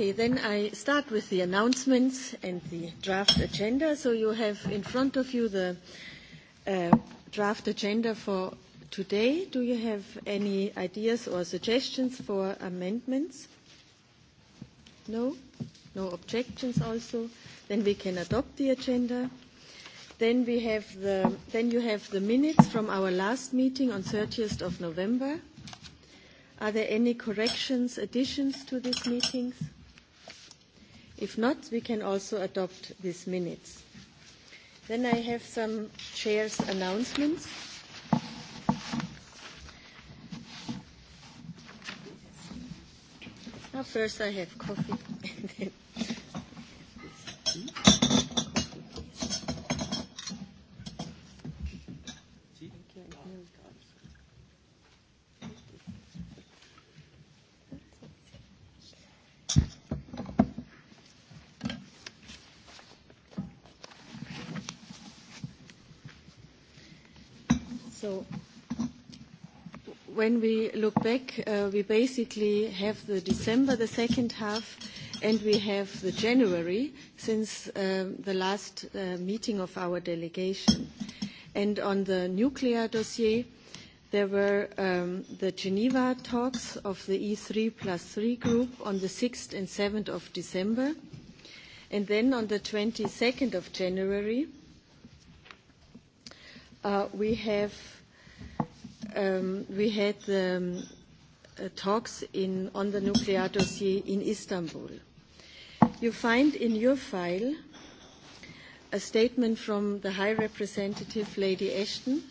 then I start with the announcements and the draft agenda. So you have in front of you the draft agenda for today. Do you have any ideas or suggestions for amendments? No? No objections also? Then we can adopt the agenda. Then we have then you have the minutes from our last meeting on 30th of November. Are there any corrections, additions to these meetings? If not, we can also adopt these minutes. Then I have some chair's announcements. First, I have coffee. when we look back, we basically have the December, the second half, and we have the January since the last meeting of our delegation. And on the nuclear dossier, there were the Geneva talks of the E3 plus 3 group on the 6th and 7th of December. And then on the 22nd of January, we have we had talks on the nuclear dossier in Istanbul. You find in your file a statement from the High Representative Lady Ashton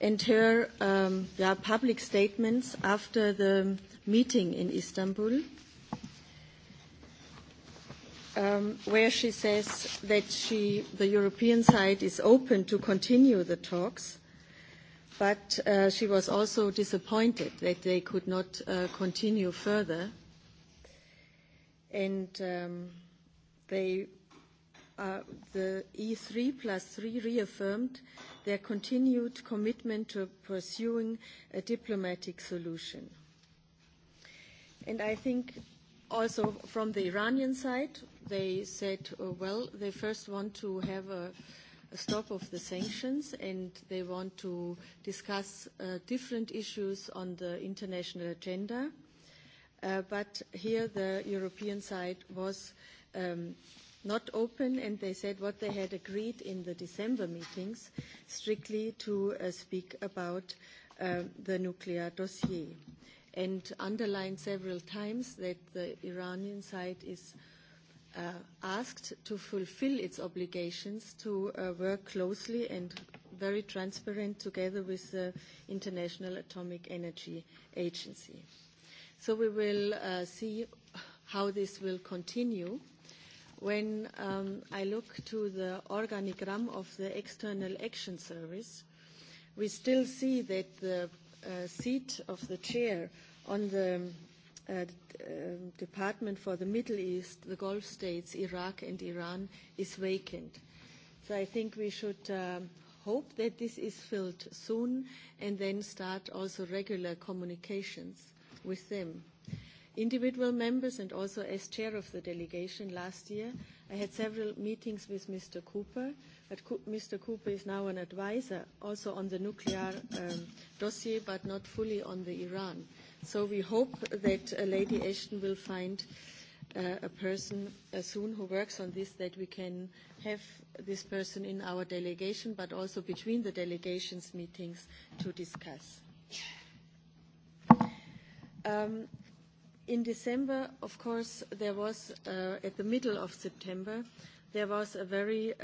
and her public statements after the meeting in Istanbul, where she says that the European side is open to continue the talks but she was also disappointed that they could not continue further. And they, the E3 plus 3 reaffirmed their continued commitment to pursuing a diplomatic solution. And I think also from the Iranian side, they said, well, they first want to have a stop of the sanctions and they want to discuss different issues on the international agenda. But here the European side was not open and they said what they had agreed in the December meetings strictly to speak about the nuclear dossier and underlined several times that the Iranian side is asked to fulfill its obligations to work closely and very transparent together with the International Atomic Energy Agency. So we will see how this will continue. When I look to the organigram of the External Action Service, we still see that the seat of the chair on the Department for the Middle East, the Gulf states, Iraq and Iran is vacant. So I think we should hope that this is filled soon and then start also regular communications with them. Individual members and also as chair of the delegation last year, I had several meetings with Mr. Cooper, but Mr. Cooper is now an advisor also on the nuclear dossier, but not fully on the Iran So we hope that Lady Ashton will find a person soon who works on this, that we can have this person in our delegation, but also between the delegations meetings to discuss. In December, of course, there was, at the middle of September, there was a very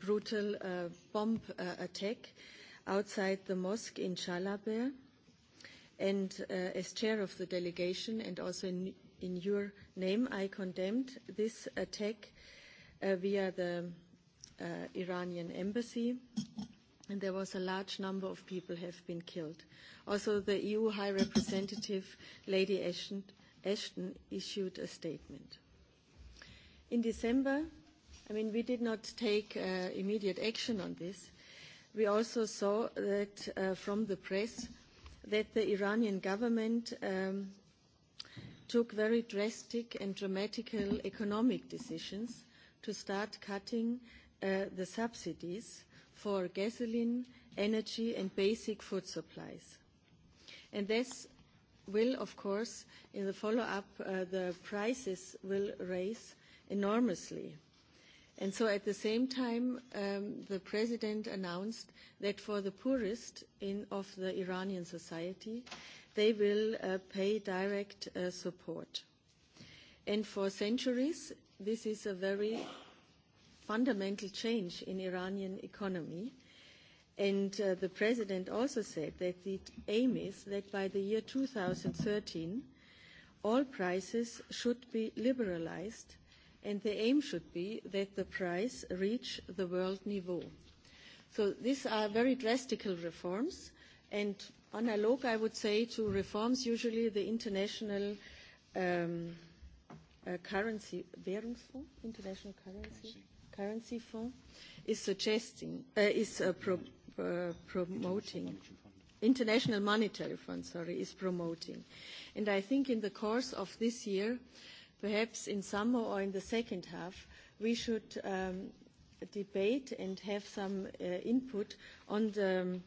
brutal bomb attack outside the mosque in Chalaber And as chair of the delegation and also in your name, I condemned this attack via the Iranian embassy. And there was a large number of people have been killed. Also, the EU High Representative, Lady Ashton, issued a statement. In December, I mean, we did not take immediate action on this. We also saw that from the press that the Iranian government took very drastic and dramatic economic decisions to start cutting the subsidies for gasoline, energy and basic food supplies. And this will, of course, in the follow-up, the prices will raise enormously. And so at the same time, the president announced that for the poorest in of the Iranian society, they will pay direct support. And for centuries, this is a very fundamental change in Iranian economy. And the president also said that the aim is that by the year 2013, all prices should be liberalized and the aim should be that the price reach the world niveau. So these are very drastical reforms, and analog, I would say, to reforms usually the international currency Währungsfonds, international currency currency fund, is suggesting is promoting. International Monetary Fund, sorry, is promoting. And I think in the course of this year, perhaps in summer or in the second half, we should debate and have some input on the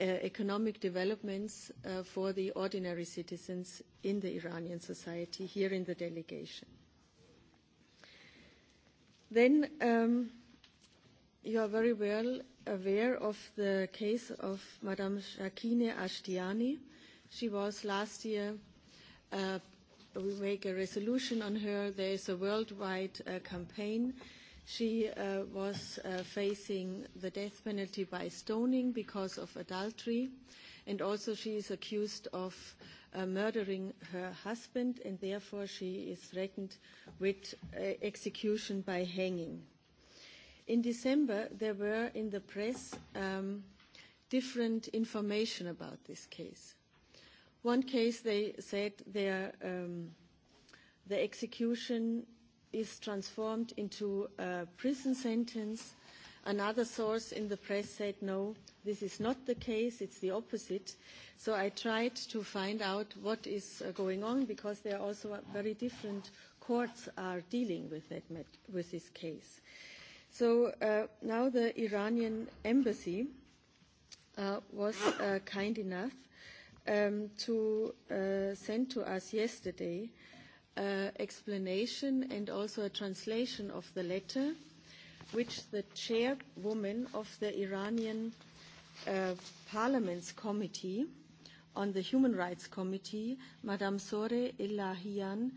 economic developments for the ordinary citizens in the Iranian society here in the delegation. Then you are very well aware of the case of Madame Shakine Ashtiani. She was last year we make a resolution on her. There is a worldwide campaign. She was facing the death penalty by stoning because of adultery, and also she is accused of murdering her husband, and therefore she is threatened with execution by hanging. In December, there were in the press different information about this case. One case, they said their the execution is transformed into a prison sentence. Another source in the press said, no, this is not the case, it's the opposite. So I tried to find out what is going on because there are also very different courts are dealing with that with this case. So now the Iranian embassy was kind enough to send to us yesterday an explanation and also a translation of the letter which the chairwoman of the Iranian Parliament's Committee on the Human Rights Committee, Madame Sore Elahian,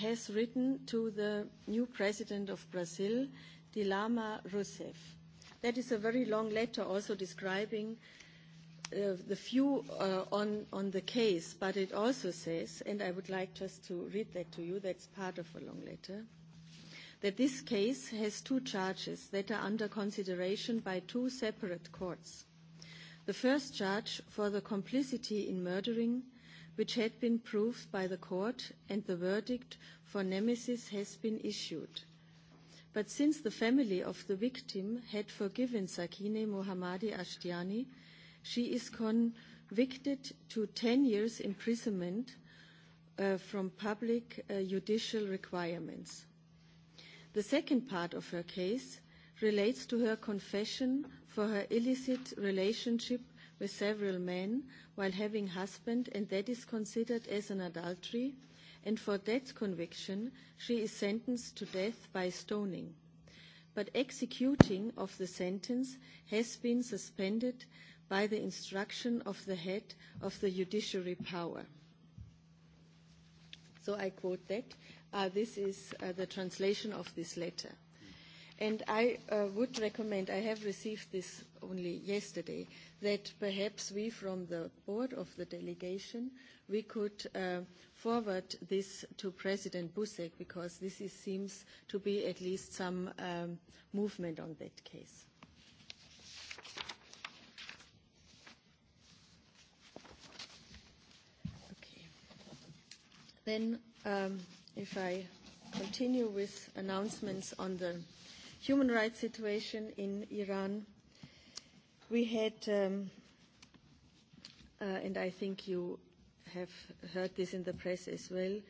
has written to the new president of Brazil, Dilama Rousseff. That is a very long letter also describing the view on the case, but it also says, and I would like just to read that to you, that's part of a long letter, that this case has two charges that are under consideration by two separate courts. The first charge for the complicity in murdering, which had been proved by the court, and the verdict for nemesis has been issued. But since the family of the victim had forgiven Sakine Mohammadi Ashtiani, She is convicted to 10 years imprisonment from public judicial requirements. The second part of her case relates to her confession for her illicit relationship with several men while having husband and that is considered as an adultery and for that conviction she is sentenced to death by stoning. But executing of the sentence has been suspended by the instruction of the head of the judiciary power. So I quote that. This is the translation of this letter. And I would recommend, I have received this only yesterday, that perhaps we from the board of the delegation, we could forward this to President Busek because this seems to be at least some movement on that case. Then, if I continue with announcements on the human rights situation in Iran, we had, and I think you have heard this in the press as well,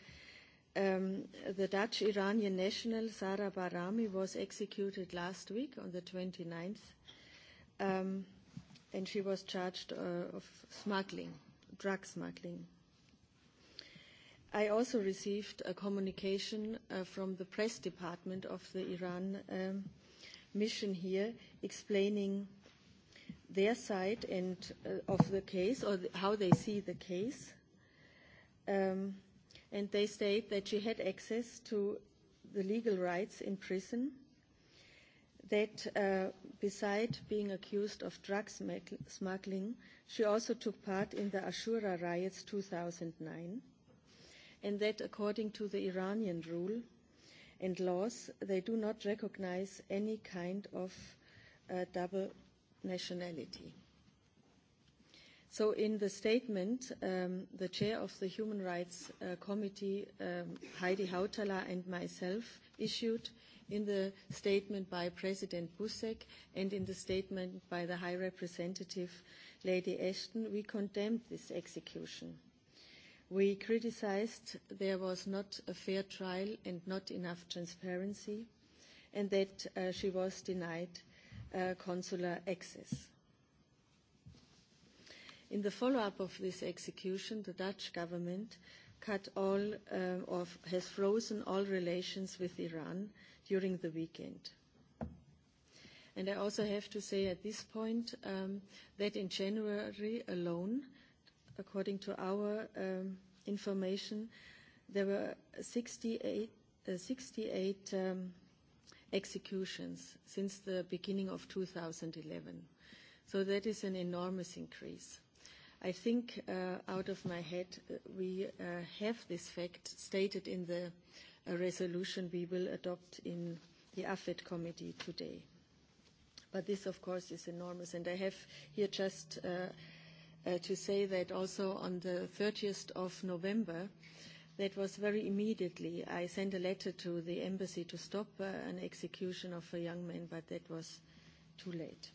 the Dutch-Iranian national Sara Barami was executed last week on the 29th, and she was charged of smuggling, drug smuggling. I also received a communication from the press department of the Iran mission here explaining their side and of the case or how they see the case. And they state that she had access to the legal rights in prison, that beside being accused of drug smuggling, she also took part in the Ashura riots 2009 and that according to the Iranian rule and laws, they do not recognize any kind of double nationality. So in the statement, the chair of the Human Rights Committee, Heidi Hautala, and myself issued in the statement by President Busek and in the statement by the High Representative, Lady Ashton, we condemned this execution. We criticized there was not a fair trial and not enough transparency, and that she was denied consular access. In the follow-up of this execution, the Dutch government cut all of has frozen all relations with Iran during the weekend. And I also have to say at this point that in January alone according to our information, there were 68 68 executions since the beginning of 2011. So that is an enormous increase. I think out of my head we have this fact stated in the resolution we will adopt in the AFED committee today. But this, of course, is enormous. And I have here just to say that also on the 30th of November, that was very immediately. I sent a letter to the embassy to stop an execution of a young man, but that was too late.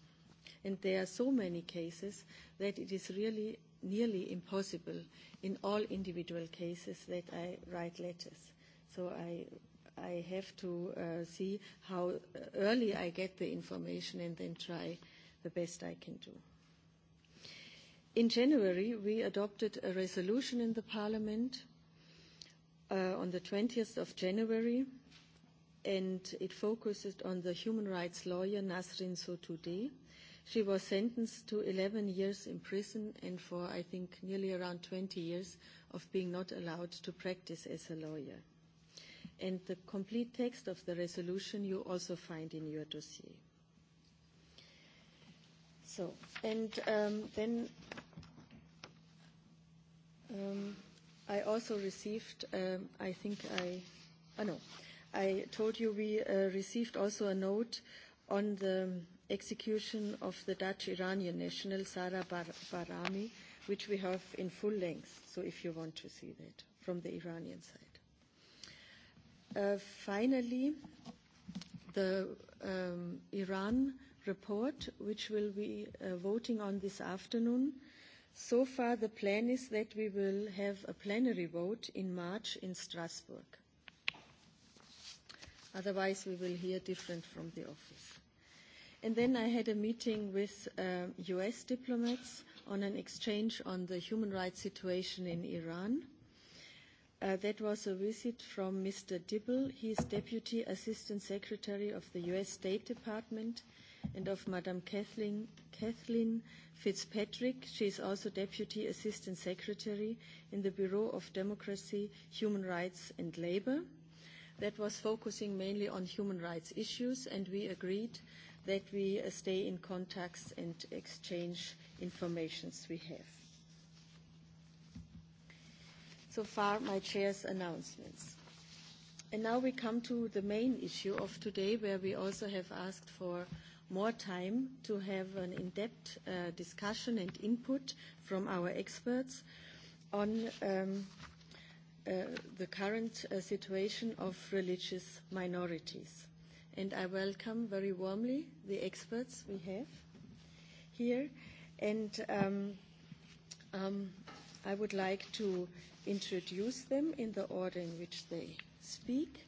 And there are so many cases that it is really nearly impossible in all individual cases that I write letters. So I I have to see how early I get the information and then try the best I can do. In January, we adopted a resolution in the Parliament on the 20th of January, and it focuses on the human rights lawyer Nasrin Sotoudeh. She was sentenced to 11 years in prison and for, I think, nearly around 20 years of being not allowed to practice as a lawyer. And the complete text of the resolution you also find in your dossier. So, and then I also received, I think I, no, I told you we received also a note on the execution of the Dutch-Iranian national Sara Barami, which we have in full length, so if you want to see that from the Iranian side. Finally, the Iran report, which will be voting on this afternoon, So far, the plan is that we will have a plenary vote in March in Strasbourg. Otherwise, we will hear different from the office. And then I had a meeting with U.S. diplomats on an exchange on the human rights situation in Iran. That was a visit from Mr. Dibble. He is Deputy Assistant Secretary of the U.S. State Department and of Madam Kathleen Fitzpatrick. She is also Deputy Assistant Secretary in the Bureau of Democracy, Human Rights and Labour. That was focusing mainly on human rights issues, and we agreed that we stay in contact and exchange information we have. So far, my chair's announcements. And now we come to the main issue of today, where we also have asked for more time to have an in-depth discussion and input from our experts on the current situation of religious minorities. And I welcome very warmly the experts we have here. And I would like to introduce them in the order in which they speak.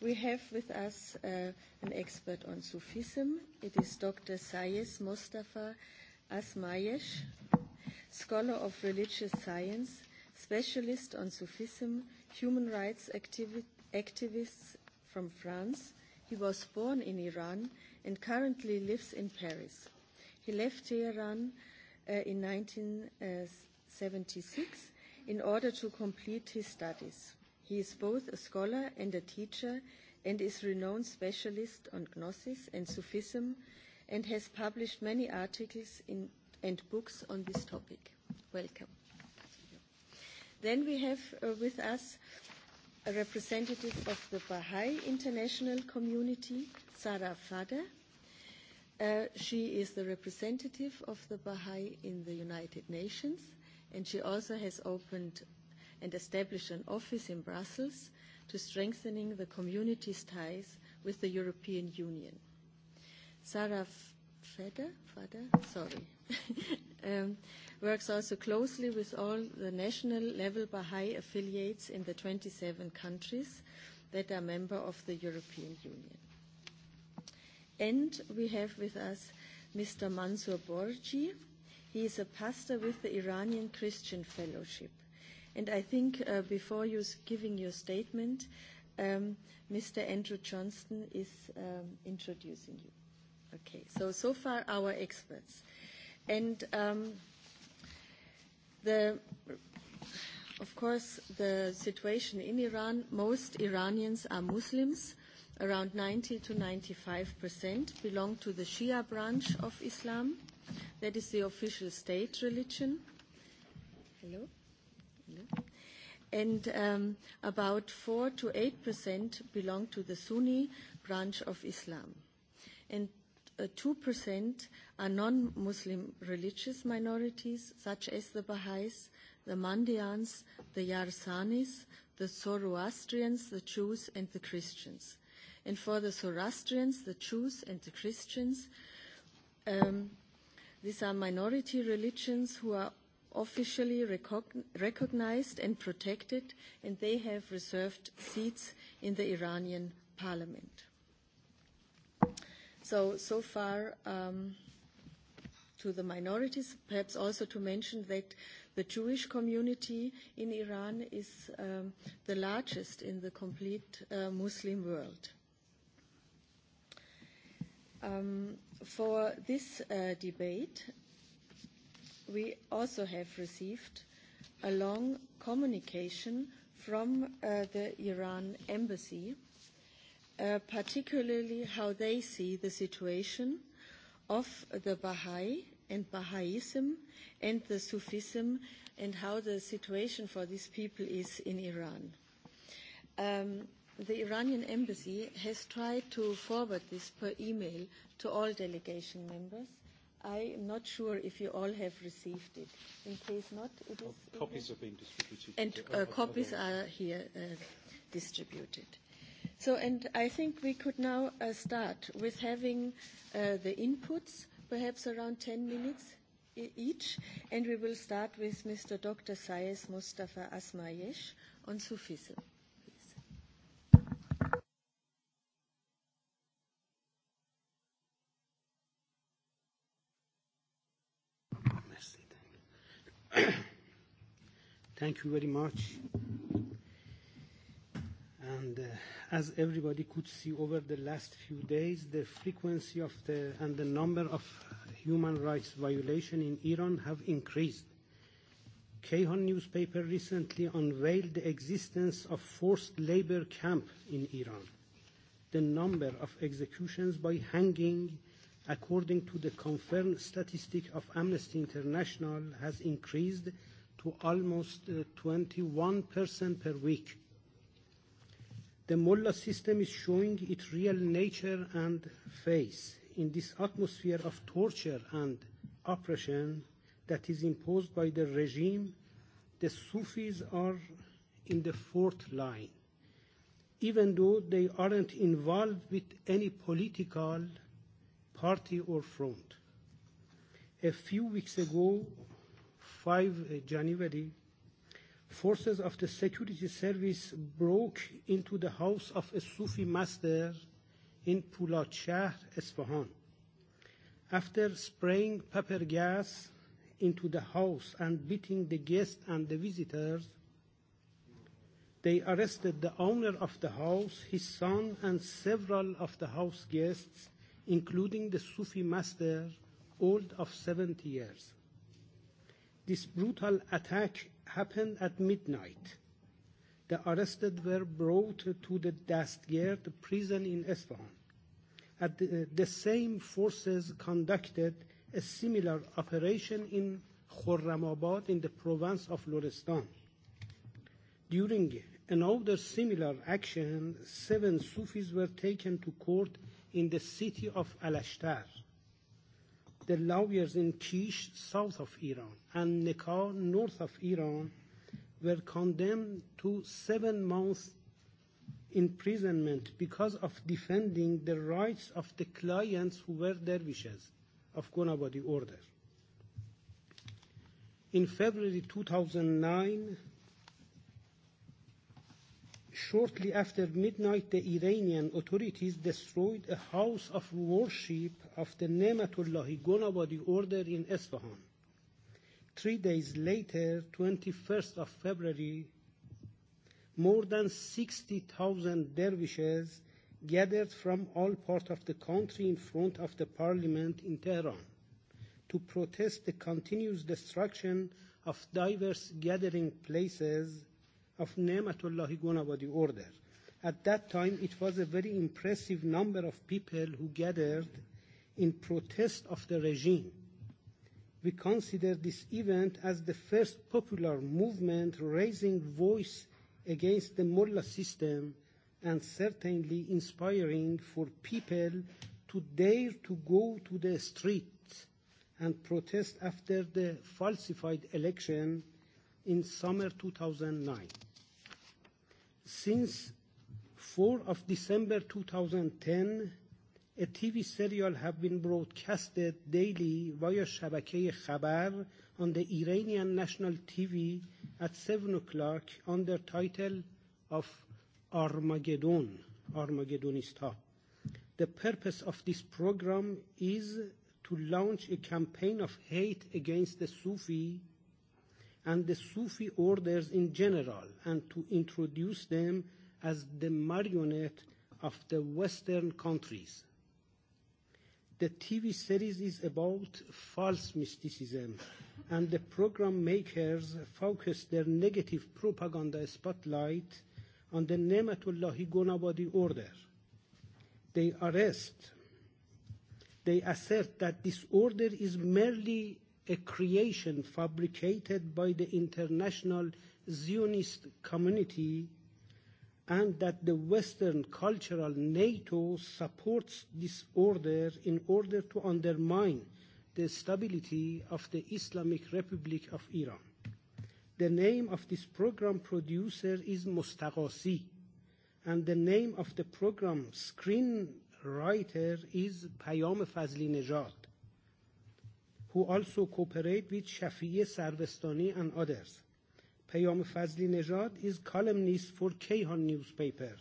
We have with us an expert on Sufism. It is Dr. Sayes Mustafa Asmayesh, scholar of religious science, specialist on Sufism, human rights activist from France. He was born in Iran and currently lives in Paris. He left Tehran in 1976 in order to complete his studies. He is both a scholar and a teacher and is renowned specialist on Gnosis and Sufism and has published many articles and books on this topic. Welcome. Then we have with us a representative of the Baha'i International Community, Sara Fader. She is the representative of the Baha'i in the United Nations and she also has opened and establish an office in Brussels to strengthening the community's ties with the European Union. Sarah Fader, sorry, works also closely with all the national level Baha'i affiliates in the 27 countries that are member of the European Union. And we have with us Mr. Mansour Borji. He is a pastor with the Iranian Christian Fellowship. And I think before you giving your statement, Mr. Andrew Johnston is introducing you. Okay, so so far our experts. And the Of course, the situation in Iran, most Iranians are Muslims. Around 90 to 95% belong to the Shia branch of Islam. That is the official state religion. Hello? and about 4 to 8% belong to the Sunni branch of Islam. And 2% are non-Muslim religious minorities, such as the Baha'is, the Mandians, the Yarsanis, the Zoroastrians, the Jews, and the Christians. And for the Zoroastrians, the Jews, and the Christians, these are minority religions who are officially recognized and protected, and they have reserved seats in the Iranian parliament. So, so far to the minorities, perhaps also to mention that the Jewish community in Iran is the largest in the complete Muslim world. For this debate, we also have received a long communication from the Iran embassy, particularly how they see the situation of the Baha'i and Baha'ism and the Sufism and how the situation for these people is in Iran. The Iranian embassy has tried to forward this per email to all delegation members I am not sure if you all have received it. In case not, it is... Copies have been distributed. And copies are here distributed. So, and I think we could now start with having the inputs, perhaps around 10 minutes each, and we will start with Mr. Dr. Saez Mustafa Asmayesh on Sufism. Thank you very much. And as everybody could see over the last few days, the frequency of the and the number of human rights violations in Iran have increased. Kehan newspaper recently unveiled the existence of forced labor camp in Iran. The number of executions by hanging, according to the confirmed statistic of Amnesty International, has increased to almost 21% per week. The Mullah system is showing its real nature and face in this atmosphere of torture and oppression that is imposed by the regime. The Sufis are in the fourth line, even though they aren't involved with any political party or front. A few weeks ago, 5 January, forces of the security service broke into the house of a Sufi master in Shahr, Esfahan. After spraying pepper gas into the house and beating the guests and the visitors, they arrested the owner of the house, his son, and several of the house guests, including the Sufi master, old of 70 years. This brutal attack happened at midnight. The arrested were brought to the Dastgird prison in Isfahan. At the same forces conducted a similar operation in Khurramabad in the province of Lorestan. During another similar action, seven Sufis were taken to court in the city of Alashtar the lawyers in Kish, south of Iran, and Nikah, north of Iran, were condemned to seven months imprisonment because of defending the rights of the clients who were dervishes of Gunabadi order. In February 2009, shortly after midnight, the Iranian authorities destroyed a house of worship of the Ne'matullahi Gonabadi order in Esfahan. Three days later, 21st of February, more than 60,000 dervishes gathered from all parts of the country in front of the parliament in Tehran to protest the continuous destruction of diverse gathering places of Nematullah Gunawadi order. At that time, it was a very impressive number of people who gathered in protest of the regime. We consider this event as the first popular movement raising voice against the mullah system and certainly inspiring for people to dare to go to the streets and protest after the falsified election in summer 2009. Since 4 of December 2010, a TV serial have been broadcasted daily via شبکه Khabar on the Iranian national TV at 7 o'clock under title of Armageddon, Armageddonista. The purpose of this program is to launch a campaign of hate against the Sufi and the Sufi orders in general and to introduce them as the marionette of the Western countries. The TV series is about false mysticism and the program makers focus their negative propaganda spotlight on the Nematullahi Gonabadi order. They arrest, they assert that this order is merely a creation fabricated by the international Zionist community and that the Western cultural NATO supports this order in order to undermine the stability of the Islamic Republic of Iran. The name of this program producer is Mustaqasi, and the name of the program screenwriter is Payam Fazli who also cooperate with Shafi'i Sarvestani and others. Payam Fazli Nejad is columnist for Kayhan newspaper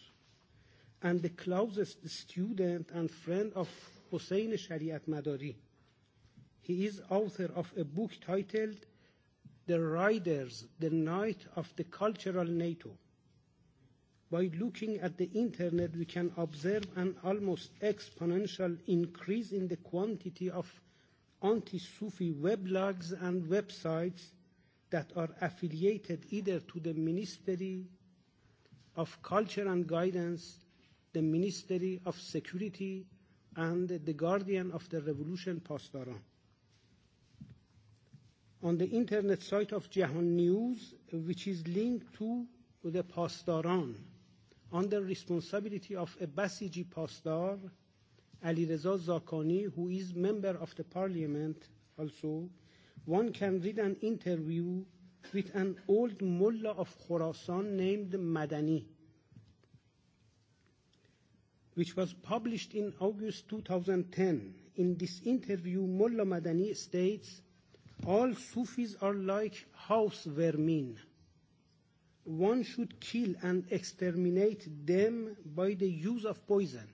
and the closest student and friend of Hossein Shariat Madari. He is author of a book titled The Riders, the Night of the Cultural NATO. By looking at the internet, we can observe an almost exponential increase in the quantity of anti-Sufi weblogs and websites that are affiliated either to the Ministry of Culture and Guidance, the Ministry of Security, and the Guardian of the Revolution Pasdaran. On the internet site of Jahan News, which is linked to the Pasdaran, under responsibility of a Basiji Pasdar, Reza Zakani, who is member of the parliament also, one can read an interview with an old mullah of Khorasan named Madani, which was published in August 2010. In this interview, Mullah Madani states, all Sufis are like house vermin. One should kill and exterminate them by the use of poison.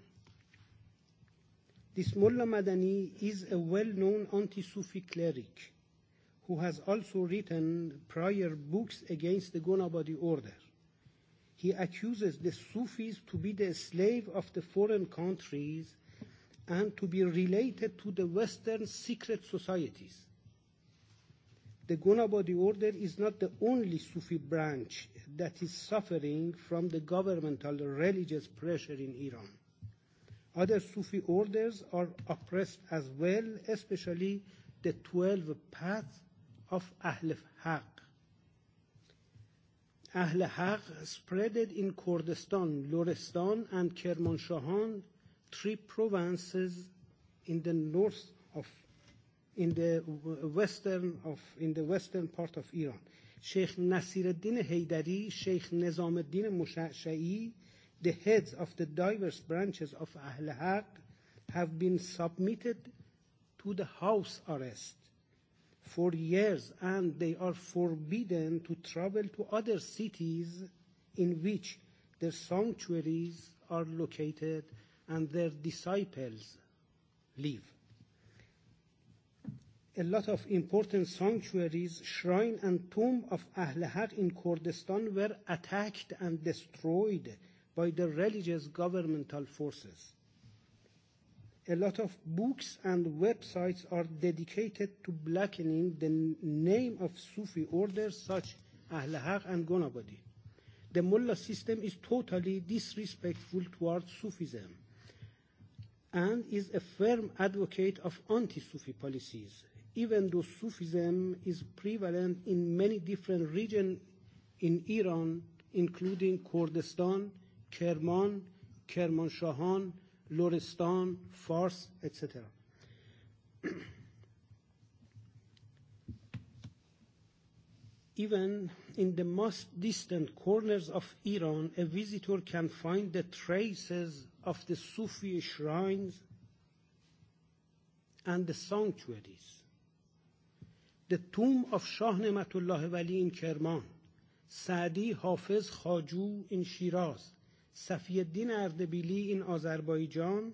This Mullah Madani is a well-known anti-Sufi cleric who has also written prior books against the Gonabadi order. He accuses the Sufis to be the slave of the foreign countries and to be related to the Western secret societies. The Gonabadi order is not the only Sufi branch that is suffering from the governmental religious pressure in Iran. Other Sufi orders are oppressed as well, especially the 12 paths of Ahl Haq. Ahl Haq spreaded in Kurdistan, Lorestan and Kermanshahan, three provinces in the north of in the western of in the western part of Iran. Sheikh Nasiruddin Haydari, Sheikh Nizamuddin Mushashai the heads of the diverse branches of Ahl Haq have been submitted to the house arrest for years and they are forbidden to travel to other cities in which their sanctuaries are located and their disciples live. A lot of important sanctuaries, shrine and tomb of Ahl Haq in Kurdistan were attacked and destroyed by the religious governmental forces. A lot of books and websites are dedicated to blackening the name of Sufi orders such Ahl Haq and Gonabadi. The mullah system is totally disrespectful towards Sufism and is a firm advocate of anti-Sufi policies, even though Sufism is prevalent in many different regions in Iran, including Kurdistan, Kerman, کرمانشاهان Lorestan, Fars, etc. Even in the most distant corners of Iran, a visitor can find the traces of the Sufi shrines and the sanctuaries. The tomb of Shah Nematullah Wali in Kerman, Saadi Hafiz Khaju in Shiraz, Safieddin Ardebili in Azerbaijan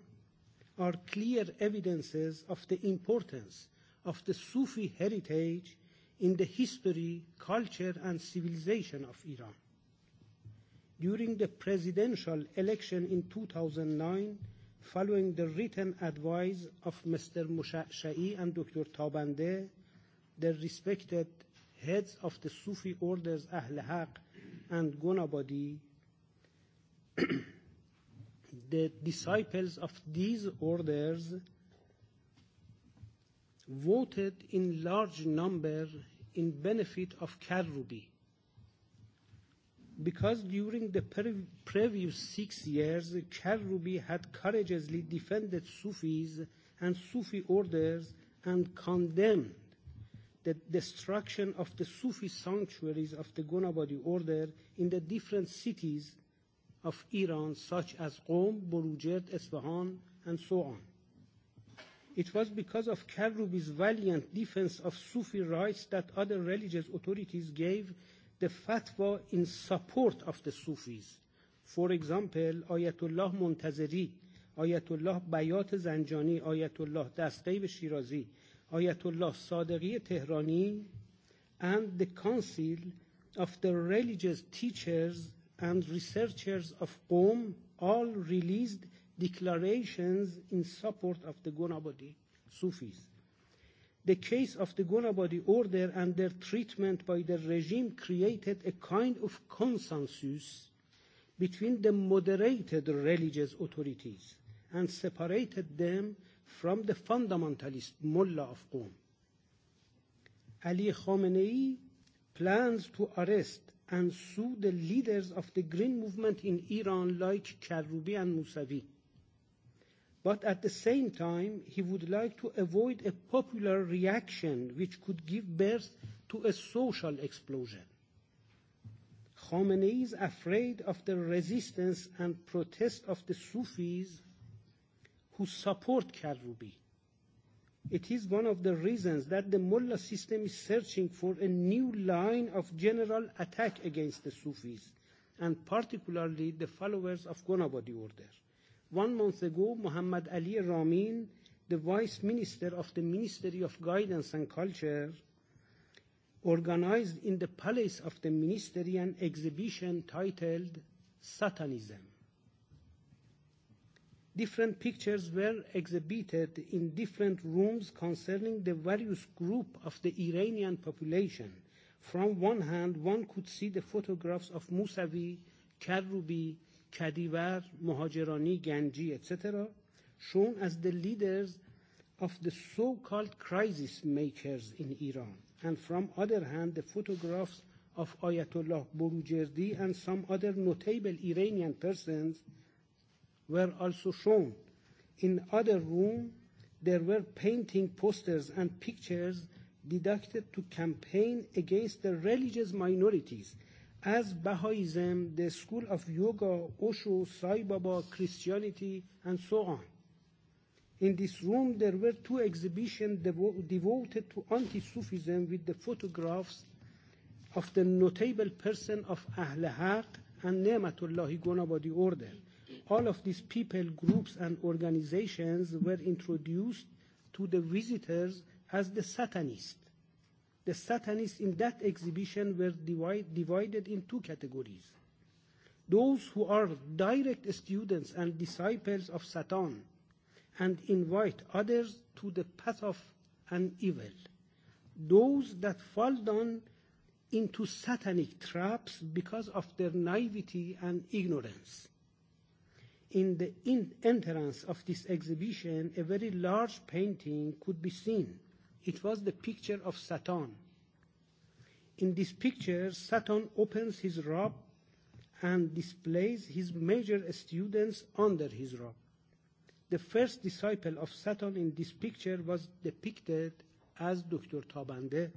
are clear evidences of the importance of the Sufi heritage in the history, culture and civilization of Iran. During the presidential election in 2009, following the written advice of Mr. Musha'i and Dr. Tabande, the respected heads of the Sufi orders Ahl Haq and Gunabadi, the disciples of these orders voted in large number in benefit of Karubi because during the previous six years, Karubi had courageously defended Sufis and Sufi orders and condemned the destruction of the Sufi sanctuaries of the Gonabadi order in the different cities of Iran, such as Qom, Borujet, Isfahan, and so on. It was because of Karubi's valiant defense of Sufi rights that other religious authorities gave the fatwa in support of the Sufis. For example, Ayatollah Montazeri, Ayatollah Bayat Zanjani, Ayatollah Dastayb Shirazi, Ayatollah Sadeghi Tehrani, and the Council of the Religious Teachers and researchers of Qom all released declarations in support of the Gonabadi Sufis. The case of the Gonabadi order and their treatment by the regime created a kind of consensus between the moderated religious authorities and separated them from the fundamentalist mullah of Qom. Ali Khamenei plans to arrest and sue the leaders of the green movement in Iran like Karoubi and Mousavi. But at the same time, he would like to avoid a popular reaction which could give birth to a social explosion. Khamenei is afraid of the resistance and protest of the Sufis who support Karoubi It is one of the reasons that the mullah system is searching for a new line of general attack against the Sufis, and particularly the followers of Gonabadi order. One month ago, Muhammad Ali Ramin, the Vice Minister of the Ministry of Guidance and Culture, organized in the palace of the ministry an exhibition titled Satanism Different pictures were exhibited in different rooms concerning the various group of the Iranian population. From one hand, one could see the photographs of Musavi, Karubi, Kadivar, Mohajerani, Ganji, etc., shown as the leaders of the so-called crisis makers in Iran. And from other hand, the photographs of Ayatollah Borujerdi and some other notable Iranian persons were also shown. In other room, there were painting posters and pictures deducted to campaign against the religious minorities, as Baha'ism, the school of yoga, Osho, Sai Baba, Christianity, and so on. In this room, there were two exhibitions devoted to anti-Sufism with the photographs of the notable person of Ahl Haq and Nematullahi Gonabadi order all of these people, groups, and organizations were introduced to the visitors as the Satanists. The Satanists in that exhibition were divided in two categories. Those who are direct students and disciples of Satan and invite others to the path of an evil. Those that fall down into satanic traps because of their naivety and ignorance. In the entrance of this exhibition, a very large painting could be seen. It was the picture of Saturn. In this picture, Saturn opens his robe and displays his major students under his robe. The first disciple of Saturn in this picture was depicted as Dr. Tabande,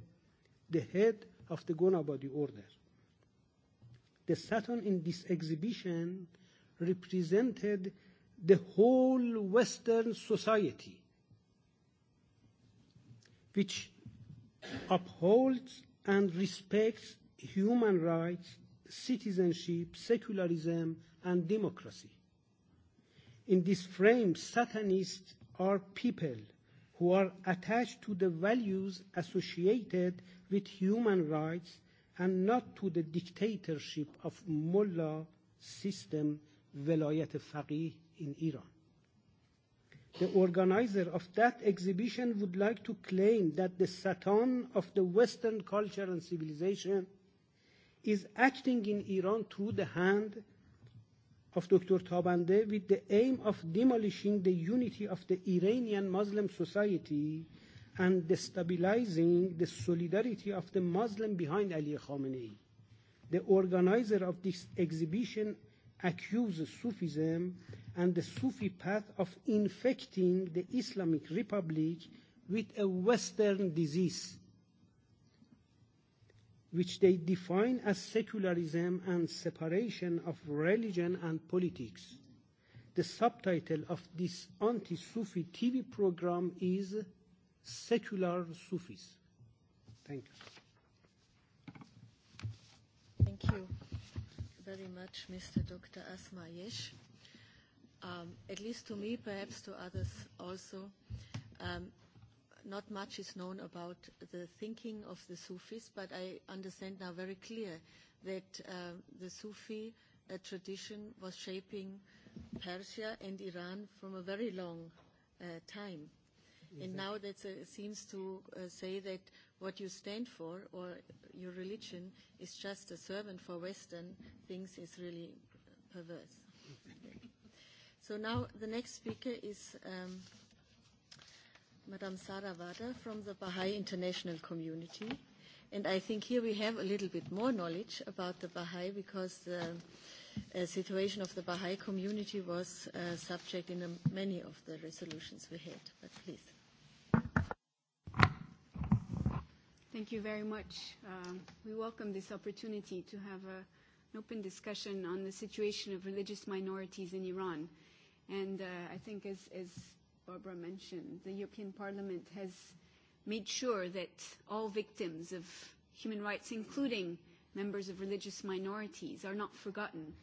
the head of the Gonabadi order. The Saturn in this exhibition represented the whole Western society, which upholds and respects human rights, citizenship, secularism, and democracy. In this frame, Satanists are people who are attached to the values associated with human rights and not to the dictatorship of mullah system ولایت فقیه in Iran. The organizer of that exhibition would like to claim that the Satan of the Western culture and civilization is acting in Iran through the hand of Dr. Tabande with the aim of demolishing the unity of the Iranian Muslim society and destabilizing the solidarity of the Muslim behind Ali Khamenei. The organizer of this exhibition accuse Sufism and the Sufi path of infecting the Islamic Republic with a Western disease, which they define as secularism and separation of religion and politics. The subtitle of this anti-Sufi TV program is Secular Sufis. Thank you. Thank you very much, Mr. Dr. Asma Yesh. At least to me, perhaps to others also, not much is known about the thinking of the Sufis, but I understand now very clear that the Sufi tradition was shaping Persia and Iran from a very long time. And now that seems to say that what you stand for or your religion is just a servant for Western things is really perverse. So now the next speaker is Madame Sara from the Baha'i International Community. And I think here we have a little bit more knowledge about the Baha'i because the situation of the Baha'i community was subject in many of the resolutions we had. But please. Thank you very much. We welcome this opportunity to have an open discussion on the situation of religious minorities in Iran. And I think, as Barbara mentioned, the European Parliament has made sure that all victims of human rights, including members of religious minorities, are not forgotten,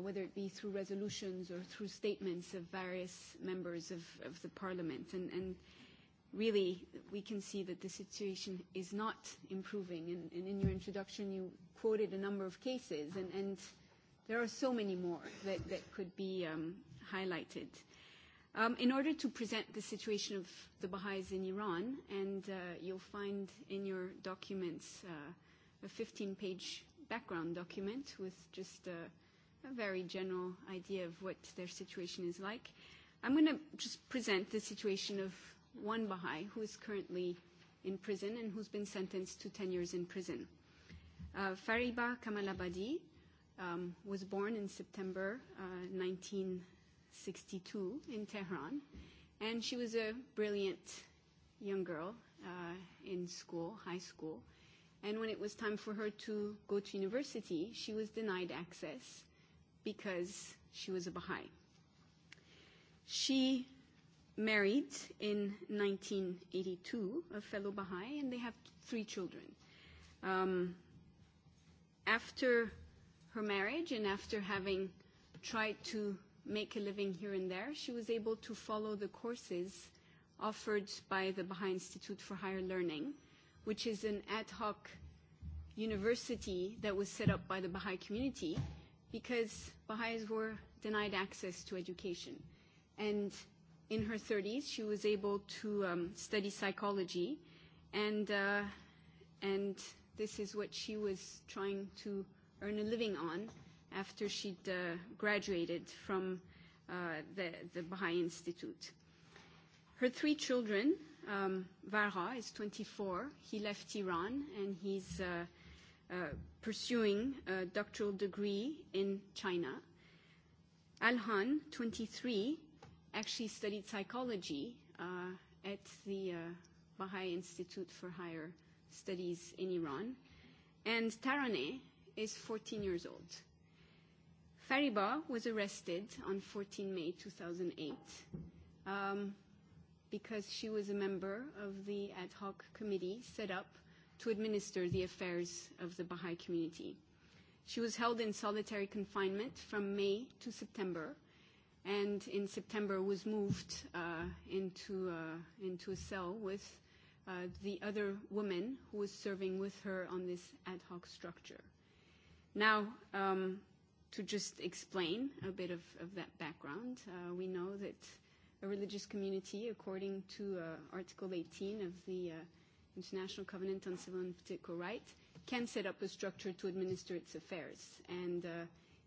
whether it be through resolutions or through statements of various members of of the Parliament. And And really we can see that the situation is not improving. And in your introduction, you quoted a number of cases, and there are so many more that could be highlighted. In order to present the situation of the Baha'is in Iran, and you'll find in your documents a 15-page background document with just a very general idea of what their situation is like, I'm going to just present the situation of one Baha'i who is currently in prison and who's been sentenced to 10 years in prison. Fariba Kamalabadi was born in September 1962 in Tehran, and she was a brilliant young girl in school, high school. And when it was time for her to go to university, she was denied access because she was a Baha'i. She married in 1982, a fellow Baha'i, and they have three children. Um, after her marriage and after having tried to make a living here and there, she was able to follow the courses offered by the Baha'i Institute for Higher Learning, which is an ad hoc university that was set up by the Baha'i community because Baha'is were denied access to education. And in her 30s, she was able to study psychology, and and this is what she was trying to earn a living on after she'd graduated from the the Baha'i Institute. Her three children, Vara is 24, he left Iran and he's pursuing a doctoral degree in China. Alhan, 23, actually studied psychology at the Baha'i Institute for Higher Studies in Iran. And Taraneh is 14 years old. Fariba was arrested on 14 May 2008 um, because she was a member of the ad hoc committee set up to administer the affairs of the Baha'i community. She was held in solitary confinement from May to September and in September was moved into into a cell with the other woman who was serving with her on this ad hoc structure. Now, to just explain a bit of that background, we know that a religious community, according to Article 18 of the International Covenant on Civil and Political Rights, can set up a structure to administer its affairs. And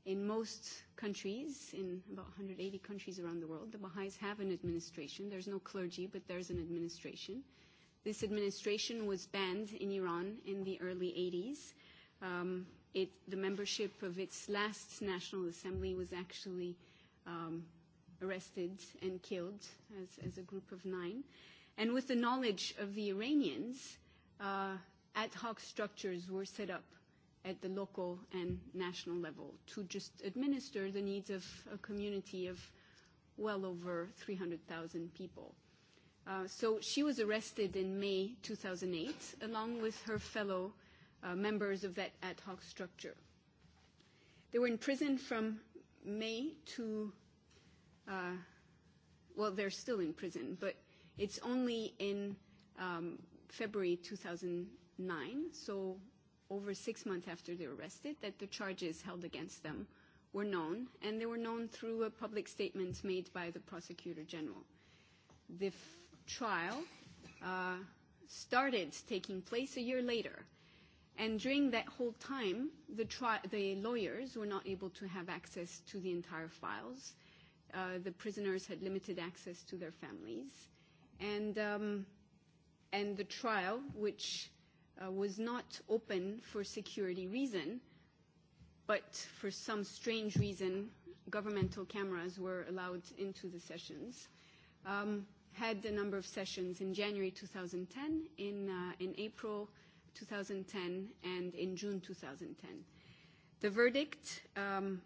in most countries, in about 180 countries around the world, the Baha'is have an administration. There's no clergy, but there's an administration. This administration was banned in Iran in the early 80s. It, the membership of its last National Assembly was actually um, arrested and killed as, as a group of nine. And with the knowledge of the Iranians, uh, ad hoc structures were set up at the local and national level to just administer the needs of a community of well over 300,000 people. So she was arrested in May 2008 along with her fellow members of that ad hoc structure. They were in prison from May to, well, they're still in prison, but it's only in February 2009, so over six months after they were arrested that the charges held against them were known, and they were known through a public statement made by the Prosecutor General. The trial started taking place a year later, and during that whole time, the the lawyers were not able to have access to the entire files. The prisoners had limited access to their families, And and the trial, which was not open for security reason, but for some strange reason, governmental cameras were allowed into the sessions. Had a number of sessions in January 2010, in April 2010, and in June 2010. The verdict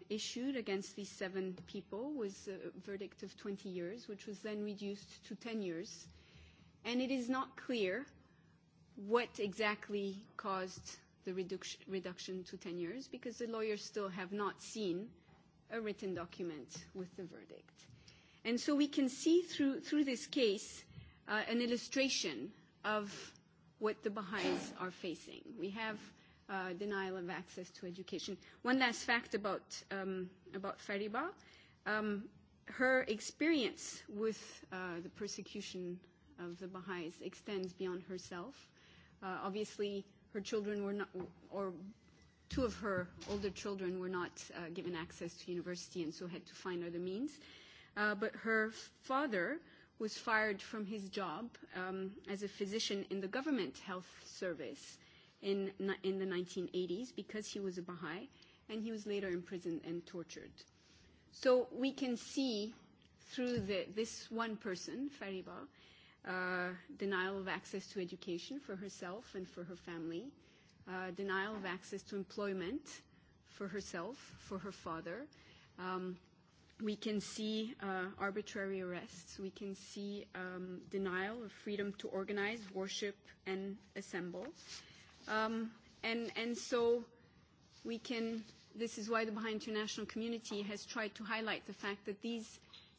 issued against these seven people was a verdict of 20 years, which was then reduced to 10 years. And it is not clear what exactly caused the reduction to 10 years, because the lawyers still have not seen a written document with the verdict. And so we can see through through this case an illustration of what the Baha'is are facing. We have denial of access to education. One last fact about about Fariba. Her experience with the persecution of the Baha'is extends beyond herself. Obviously, her children were not, or two of her older children were not given access to university and so had to find other means. But her father was fired from his job as a physician in the government health service in in the 1980s because he was a Baha'i and he was later imprisoned and tortured. So we can see through this one person, Fariba, denial of access to education for herself and for her family, denial of access to employment for herself, for her father. We can see arbitrary arrests. We can see denial of freedom to organize, worship, and assemble. And and so we can. This is why the Baha'i international community has tried to highlight the fact that these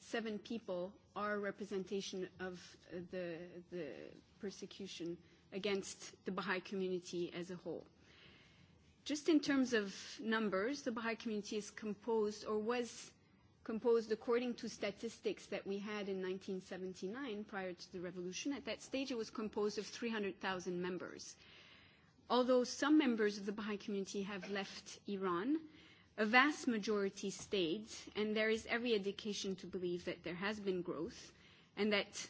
seven people our representation of the the persecution against the Baha'i community as a whole. Just in terms of numbers, the Baha'i community is composed or was composed according to statistics that we had in 1979 prior to the revolution. At that stage, it was composed of 300,000 members. Although some members of the Baha'i community have left Iran, a vast majority stayed, and there is every indication to believe that there has been growth and that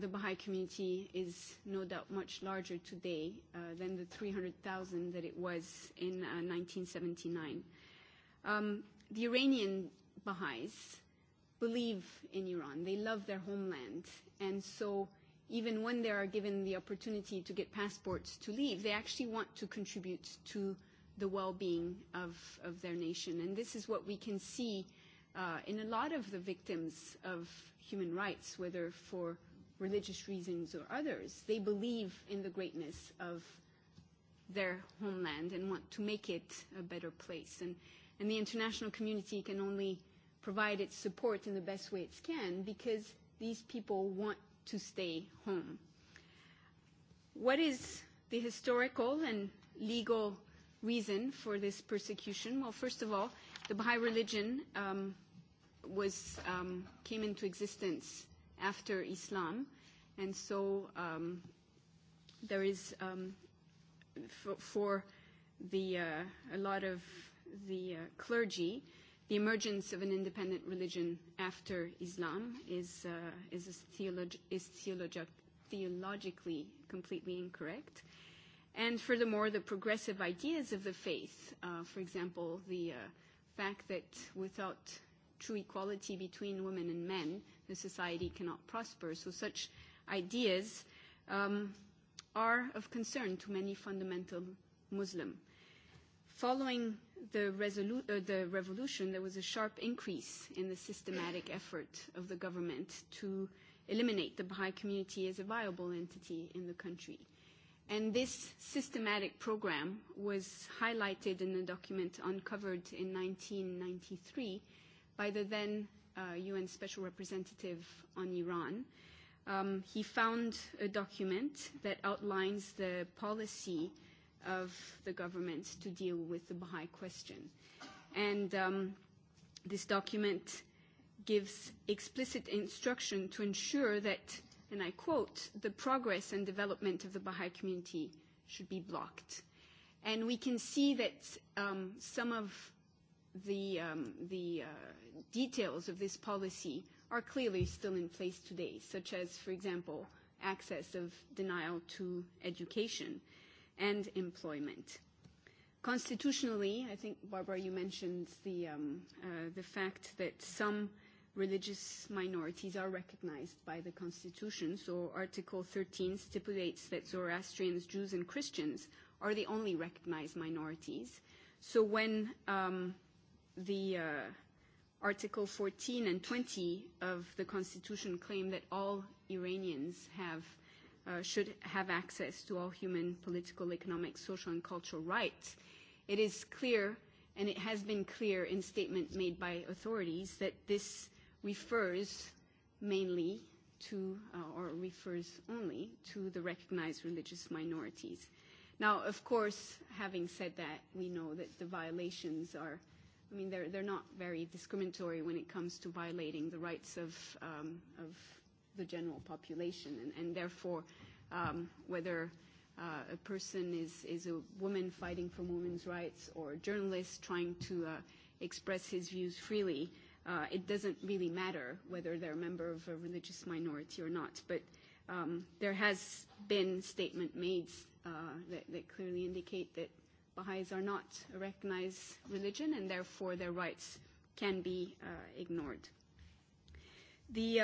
the Baha'i community is no doubt much larger today than the 300,000 that it was in 1979. The Iranian Baha'is believe in Iran. They love their homeland. And so even when they are given the opportunity to get passports to leave, they actually want to contribute to the well-being of of their nation. And this is what we can see in a lot of the victims of human rights, whether for religious reasons or others. They believe in the greatness of their homeland and want to make it a better place. And and the international community can only provide its support in the best way it can because these people want to stay home. What is the historical and legal reason for this persecution? Well, first of all, the Baha'i religion was came into existence after Islam, and so there is for the a lot of the clergy, the emergence of an independent religion after Islam is is theologically completely incorrect And furthermore, the progressive ideas of the faith, for example, the fact that without true equality between women and men, the society cannot prosper. So such ideas are of concern to many fundamental Muslim. Following the revolution, there was a sharp increase in the systematic effort of the government to eliminate the Baha'i community as a viable entity in the country. And this systematic program was highlighted in a document uncovered in 1993 by the then UN Special Representative on Iran. He found a document that outlines the policy of the government to deal with the Baha'i question. And this document gives explicit instruction to ensure that and I quote, the progress and development of the Baha'i community should be blocked. And we can see that some of the details of this policy are clearly still in place today, such as, for example, access of denial to education and employment. Constitutionally, I think, Barbara, you mentioned the fact that some religious minorities are recognized by the Constitution, so Article 13 stipulates that Zoroastrians, Jews, and Christians are the only recognized minorities. So when the Article 14 and 20 of the Constitution claim that all Iranians have should have access to all human, political, economic, social, and cultural rights, it is clear, and it has been clear in statement made by authorities, that this refers mainly to or refers only to the recognized religious minorities. Now, of course, having said that, we know that the violations are, I mean, they're, they're not very discriminatory when it comes to violating the rights of, um, of the general population. And, and therefore, um, whether a person is, is a woman fighting for women's rights or a journalist trying to express his views freely, it doesn't really matter whether they're a member of a religious minority or not. But there has been statement made that clearly indicate that Baha'is are not a recognized religion and therefore their rights can be ignored. The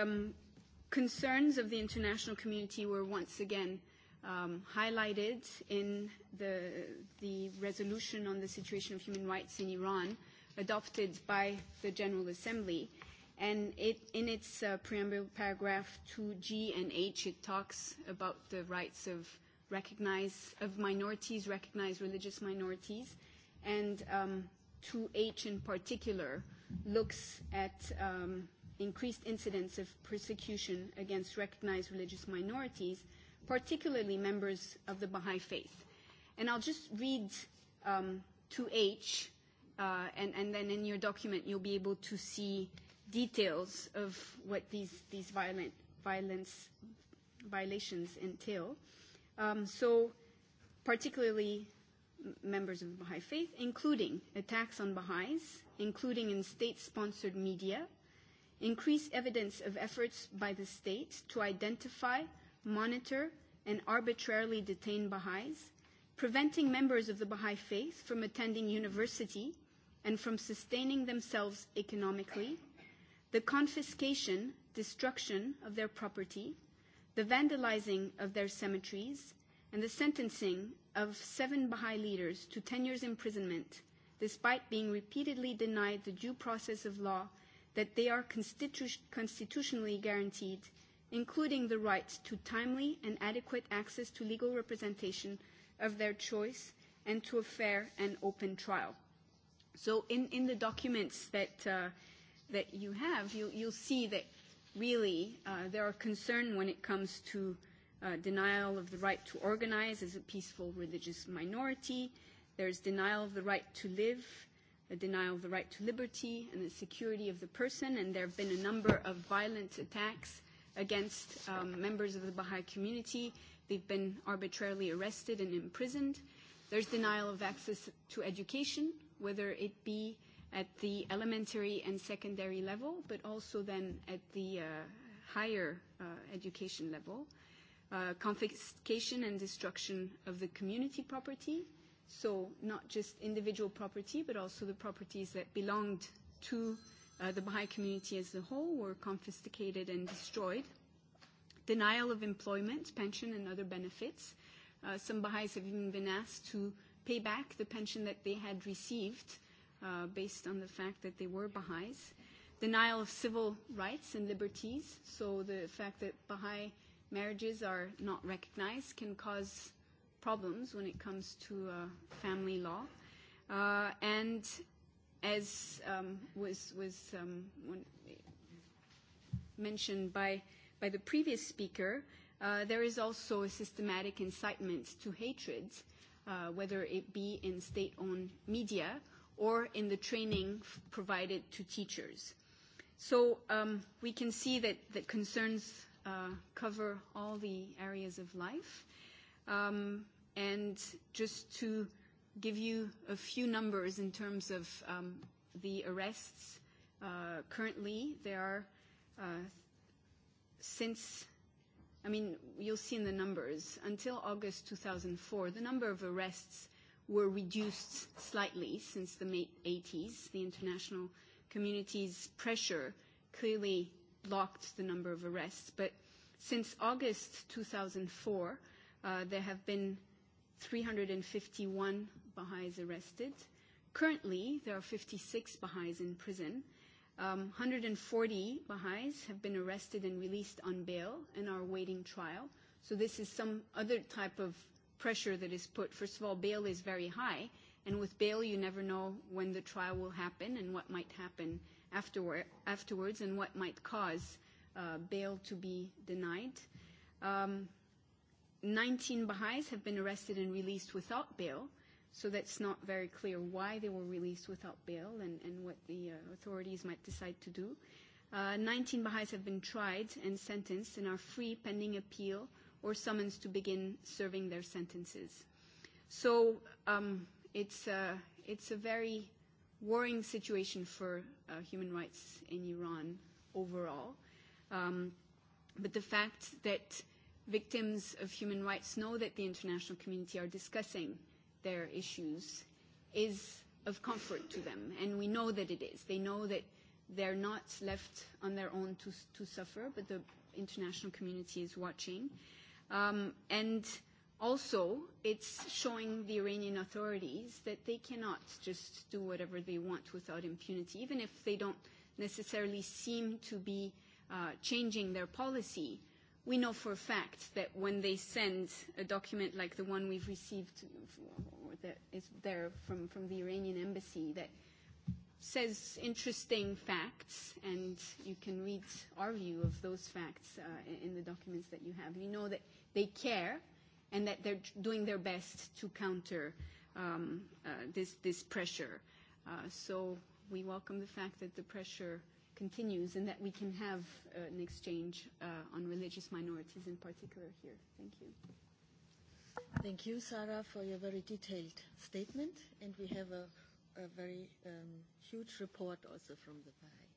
concerns of the international community were once again highlighted in the resolution on the situation of human rights in Iran adopted by the General Assembly. And in its preamble paragraph 2G and H, it talks about the rights of recognize of minorities, recognized religious minorities, and 2H in particular looks at increased incidence of persecution against recognized religious minorities, particularly members of the Baha'i faith. And I'll just read 2H and then in your document you'll be able to see details of what these these violent violence violations entail. So particularly members of the Baha'i faith, including attacks on Baha'is, including in state-sponsored media, increased evidence of efforts by the state to identify, monitor, and arbitrarily detain Baha'is, preventing members of the Baha'i faith from attending university and from sustaining themselves economically, the confiscation, destruction of their property, the vandalizing of their cemeteries, and the sentencing of seven Baha'i leaders to 10 years imprisonment, despite being repeatedly denied the due process of law that they are constitutionally guaranteed, including the right to timely and adequate access to legal representation of their choice and to a fair and open trial. So in, in the documents that, that you have, you'll see that really there are concern when it comes to denial of the right to organize as a peaceful religious minority. There's denial of the right to live, a denial of the right to liberty and the security of the person, and there have been a number of violent attacks against members of the Baha'i community. They've been arbitrarily arrested and imprisoned. There's denial of access to education, whether it be at the elementary and secondary level, but also then at the higher education level. Confiscation and destruction of the community property, so not just individual property, but also the properties that belonged to the Baha'i community as a whole were confiscated and destroyed. Denial of employment, pension and other benefits. Some Baha'is have even been asked to pay back the pension that they had received based on the fact that they were Baha'is. Denial of civil rights and liberties, so the fact that Baha'i marriages are not recognized can cause problems when it comes to family law. And as was was mentioned by by the previous speaker, there is also a systematic incitement to hatred whether it be in state-owned media or in the training provided to teachers. So we can see that that concerns cover all the areas of life. And just to give you a few numbers in terms of the arrests currently, there are, since I mean, you'll see in the numbers, until August 2004, the number of arrests were reduced slightly since the mid-80s. The international community's pressure clearly blocked the number of arrests. But since August 2004, there have been 351 Baha'is arrested. Currently, there are 56 Baha'is in prison 140 Baha'is have been arrested and released on bail and are awaiting trial. So this is some other type of pressure that is put. First of all, bail is very high, and with bail you never know when the trial will happen and what might happen afterwards and what might cause uh bail to be denied. Um 19 Baha'is have been arrested and released without bail So that's not very clear why they were released without bail and, and what the authorities might decide to do. 19 Baha'is have been tried and sentenced and are free pending appeal or summons to begin serving their sentences. So um, it's, a, it's a very worrying situation for human rights in Iran overall. Um, but the fact that victims of human rights know that the international community are discussing their issues is of comfort to them. And we know that it is. They know that they're not left on their own to suffer, but the international community is watching. And also, it's showing the Iranian authorities that they cannot just do whatever they want without impunity, even if they don't necessarily seem to be changing their policy we know for a fact that when they send a document like the one we've received that is there from from the Iranian embassy that says interesting facts and you can read our view of those facts in the documents that you have you know that they care and that they're doing their best to counter um this this pressure so we welcome the fact that the pressure continues and that we can have an exchange on religious minorities in particular here. Thank you. Thank you, Sarah, for your very detailed statement. And we have a a very huge report also from the Baha'i.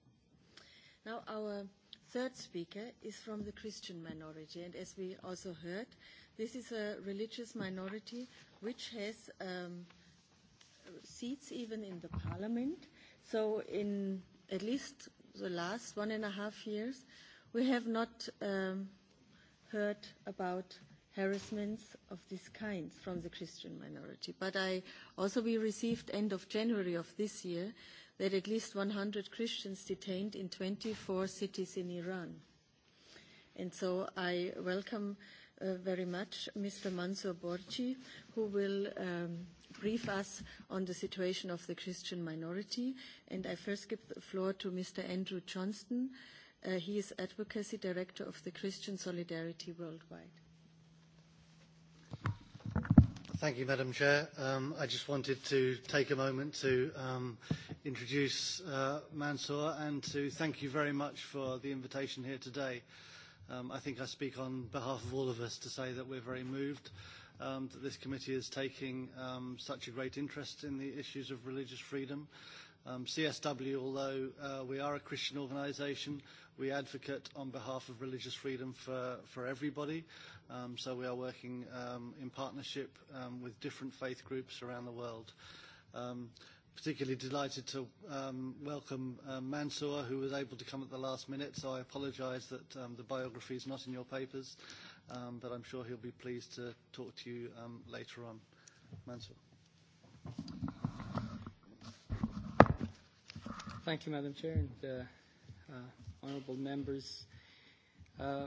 Now our third speaker is from the Christian minority and as we also heard, this is a religious minority which has seats even in the parliament. So in at least the last one and a half years, we have not heard about harassments of this kind from the Christian minority. But I also we received end of January of this year that at least 100 Christians detained in 24 cities in Iran. And so I welcome very much Mr. Mansour Borci, who will brief us on the situation of the Christian minority. And I first give the floor to Mr. Andrew Johnston. He is Advocacy Director of the Christian Solidarity Worldwide. Thank you, Madam Chair. I just wanted to take a moment to introduce Mansour and to thank you very much for the invitation here today. I think I speak on behalf of all of us to say that we're very moved that this committee is taking such a great interest in the issues of religious freedom. CSW, although we are a Christian organisation, we advocate on behalf of religious freedom for, for everybody. so we are working in partnership with different faith groups around the world particularly delighted to um, welcome Mansour, who was able to come at the last minute, so I apologize that um, the biography is not in your papers, um, but I'm sure he'll be pleased to talk to you um, later on. Mansour. Thank you, Madam Chair, and uh, honourable members. Uh,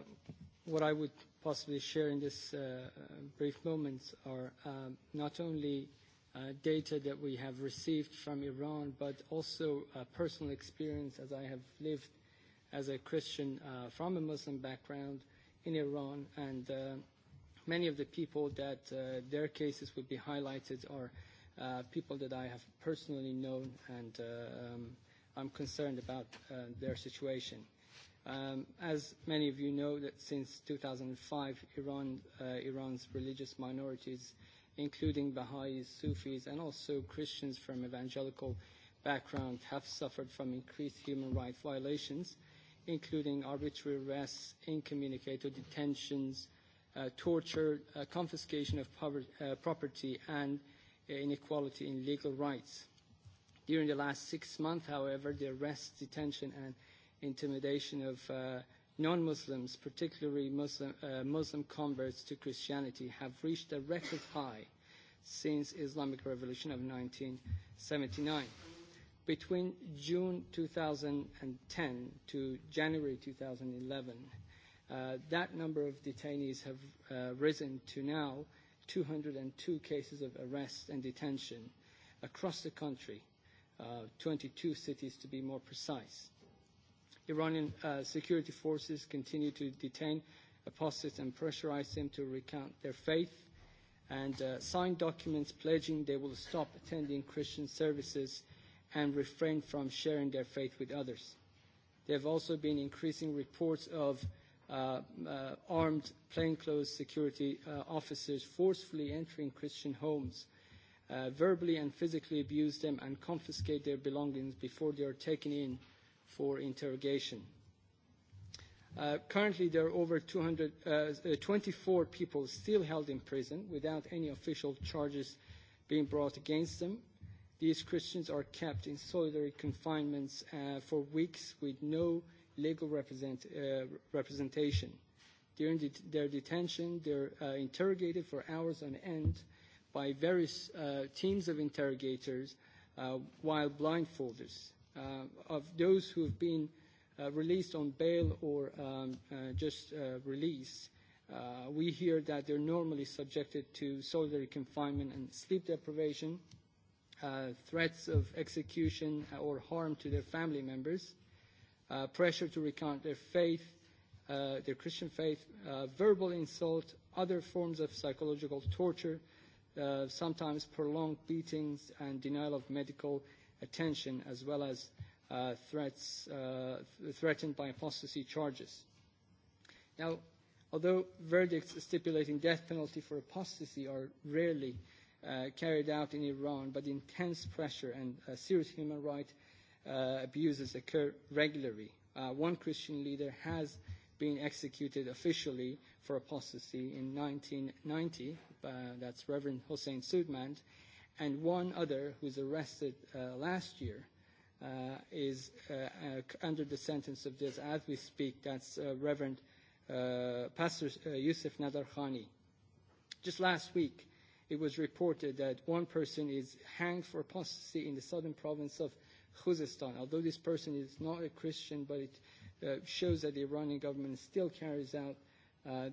what I would possibly share in this uh, brief moment are not only data that we have received from Iran, but also personal experience as I have lived as a Christian from a Muslim background in Iran, and many of the people that their cases would be highlighted are people that I have personally known, and I'm concerned about their situation. As many of you know, that since 2005, Iran Iran's religious minorities including Baha'is, Sufis, and also Christians from evangelical background, have suffered from increased human rights violations, including arbitrary arrests, incommunicated detentions, torture, confiscation of property, and inequality in legal rights. During the last six months, however, the arrest, detention, and intimidation of Non-Muslims, particularly Muslim converts to Christianity, have reached a record high since Islamic Revolution of 1979. Between June 2010 to January 2011, that number of detainees have risen to now 202 cases of arrest and detention across the country, 22 cities to be more precise. Iranian security forces continue to detain apostates and pressurize them to recount their faith and sign documents pledging they will stop attending Christian services and refrain from sharing their faith with others. There have also been increasing reports of armed plainclothes security officers forcefully entering Christian homes, verbally and physically abuse them and confiscate their belongings before they are taken in for interrogation. Currently, there are over 224 people still held in prison without any official charges being brought against them. These Christians are kept in solitary confinements for weeks with no legal representation. During their detention, they're interrogated for hours on end by various teams of interrogators while blindfolded of those who have been released on bail or just released. We hear that they're normally subjected to solitary confinement and sleep deprivation, threats of execution or harm to their family members, pressure to recount their faith, their Christian faith, verbal insult, other forms of psychological torture, sometimes prolonged beatings and denial of medical attention as well as threats threatened by apostasy charges. Now, although verdicts stipulating death penalty for apostasy are rarely carried out in Iran, but intense pressure and serious human rights abuses occur regularly. One Christian leader has been executed officially for apostasy in 1990, that's Reverend Hossein Sudmand, and one other who was arrested last year is under the sentence of death as we speak. That's Reverend Pastor Yusuf Nadarkhani. Just last week, it was reported that one person is hanged for apostasy in the southern province of Khuzestan. Although this person is not a Christian, but it shows that the Iranian government still carries out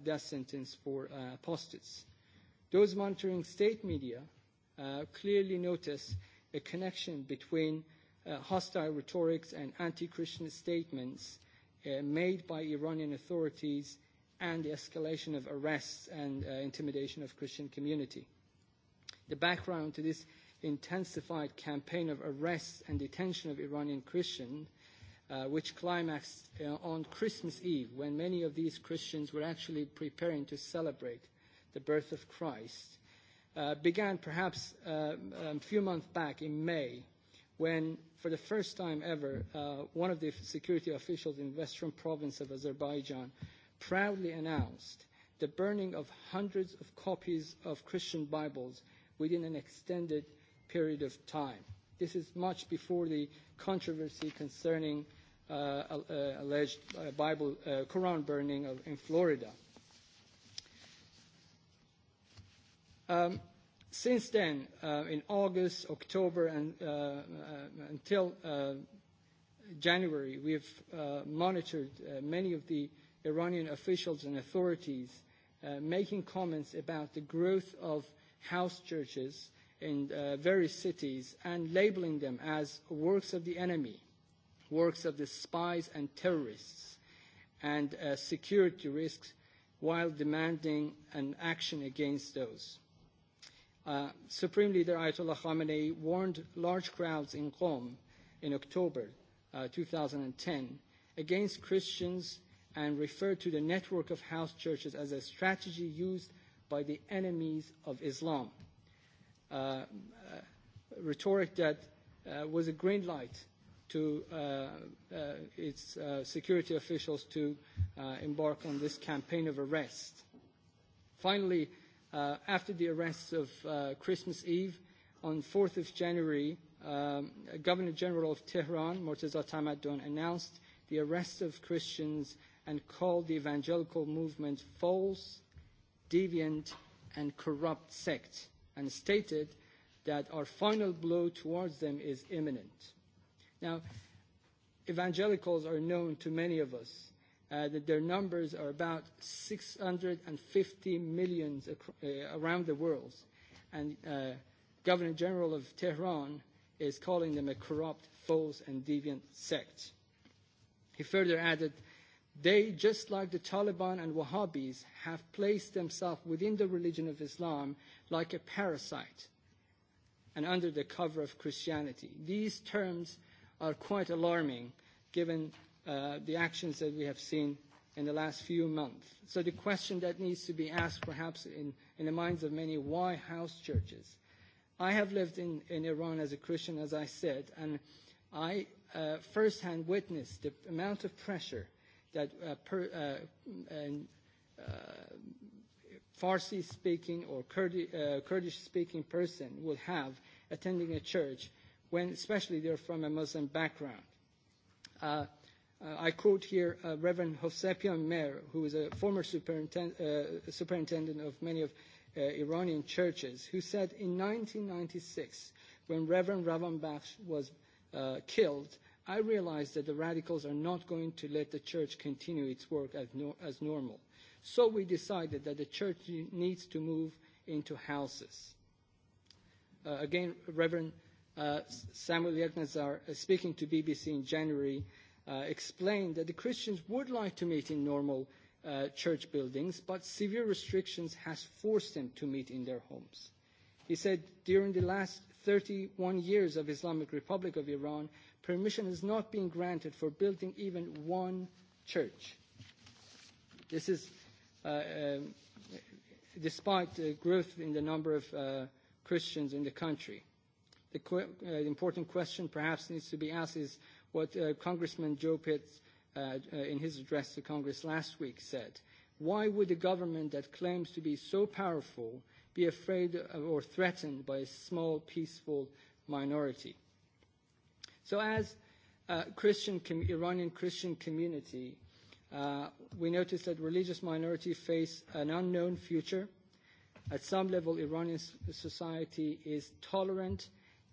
death sentence for apostates. Those monitoring state media clearly notice a connection between hostile rhetorics and anti-Christian statements made by Iranian authorities and the escalation of arrests and intimidation of Christian community. The background to this intensified campaign of arrests and detention of Iranian Christians, which climaxed on Christmas Eve, when many of these Christians were actually preparing to celebrate the birth of Christ, began perhaps a few months back in May when, for the first time ever, one of the security officials in the western province of Azerbaijan proudly announced the burning of hundreds of copies of Christian Bibles within an extended period of time. This is much before the controversy concerning alleged Bible Quran burning in Florida. Since then, in August, October, and until January, we have monitored many of the Iranian officials and authorities making comments about the growth of house churches in various cities and labeling them as works of the enemy, works of the spies and terrorists, and security risks while demanding an action against those. Supreme Leader Ayatollah Khamenei warned large crowds in Qom in October 2010 against Christians and referred to the network of house churches as a strategy used by the enemies of Islam. Rhetoric that was a green light to its security officials to embark on this campaign of arrest. Finally, after the arrests of Christmas Eve on 4th of January, Governor General of Tehran, Murtaza Tamaddon, announced the arrest of Christians and called the evangelical movement false, deviant, and corrupt sect, and stated that our final blow towards them is imminent. Now, evangelicals are known to many of us that their numbers are about 650 million around the world. And Governor General of Tehran is calling them a corrupt, false, and deviant sect. He further added, they, just like the Taliban and Wahhabis, have placed themselves within the religion of Islam like a parasite and under the cover of Christianity. These terms are quite alarming given the actions that we have seen in the last few months. So the question that needs to be asked perhaps in the minds of many, why house churches? I have lived in Iran as a Christian, as I said, and I firsthand witnessed the amount of pressure that Farsi-speaking or Kurdish-speaking person would have attending a church, when especially they're from a Muslim background. I quote here Reverend Josepian Mer, who is a former superintendent of many of Iranian churches, who said in 1996, when Reverend Ravanbakhsh was killed, I realized that the radicals are not going to let the church continue its work as normal. So we decided that the church needs to move into houses. Again, Reverend Samuel Yagnazar, speaking to BBC in January, explained that the Christians would like to meet in normal church buildings, but severe restrictions has forced them to meet in their homes. He said, during the last 31 years of Islamic Republic of Iran, permission has not been granted for building even one church. This is despite the growth in the number of Christians in the country. The important question perhaps needs to be asked is what Congressman Joe Pitts in his address to Congress last week said. Why would a government that claims to be so powerful be afraid or threatened by a small, peaceful minority? So as a Christian, Iranian Christian community, we notice that religious minorities face an unknown future. At some level, Iranian society is tolerant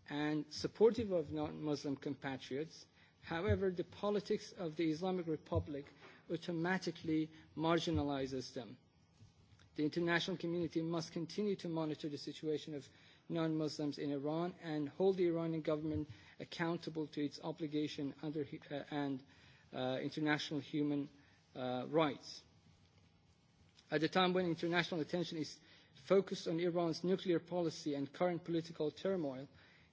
and supportive of non-Muslim compatriots, However, the politics of the Islamic Republic automatically marginalizes them. The international community must continue to monitor the situation of non-Muslims in Iran and hold the Iranian government accountable to its obligation under and international human rights. At a time when international attention is focused on Iran's nuclear policy and current political turmoil,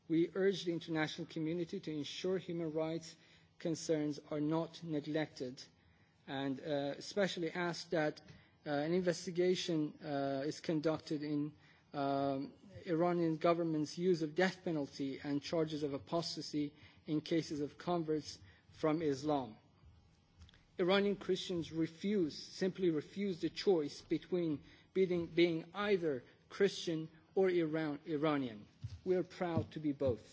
We urge the international community to ensure human rights concerns are not neglected and especially ask that an investigation is conducted in Iranian government's use of death penalty and charges of apostasy in cases of converts from Islam. Iranian Christians refuse, simply refuse the choice between being either Christian or Iranian. We are proud to be both.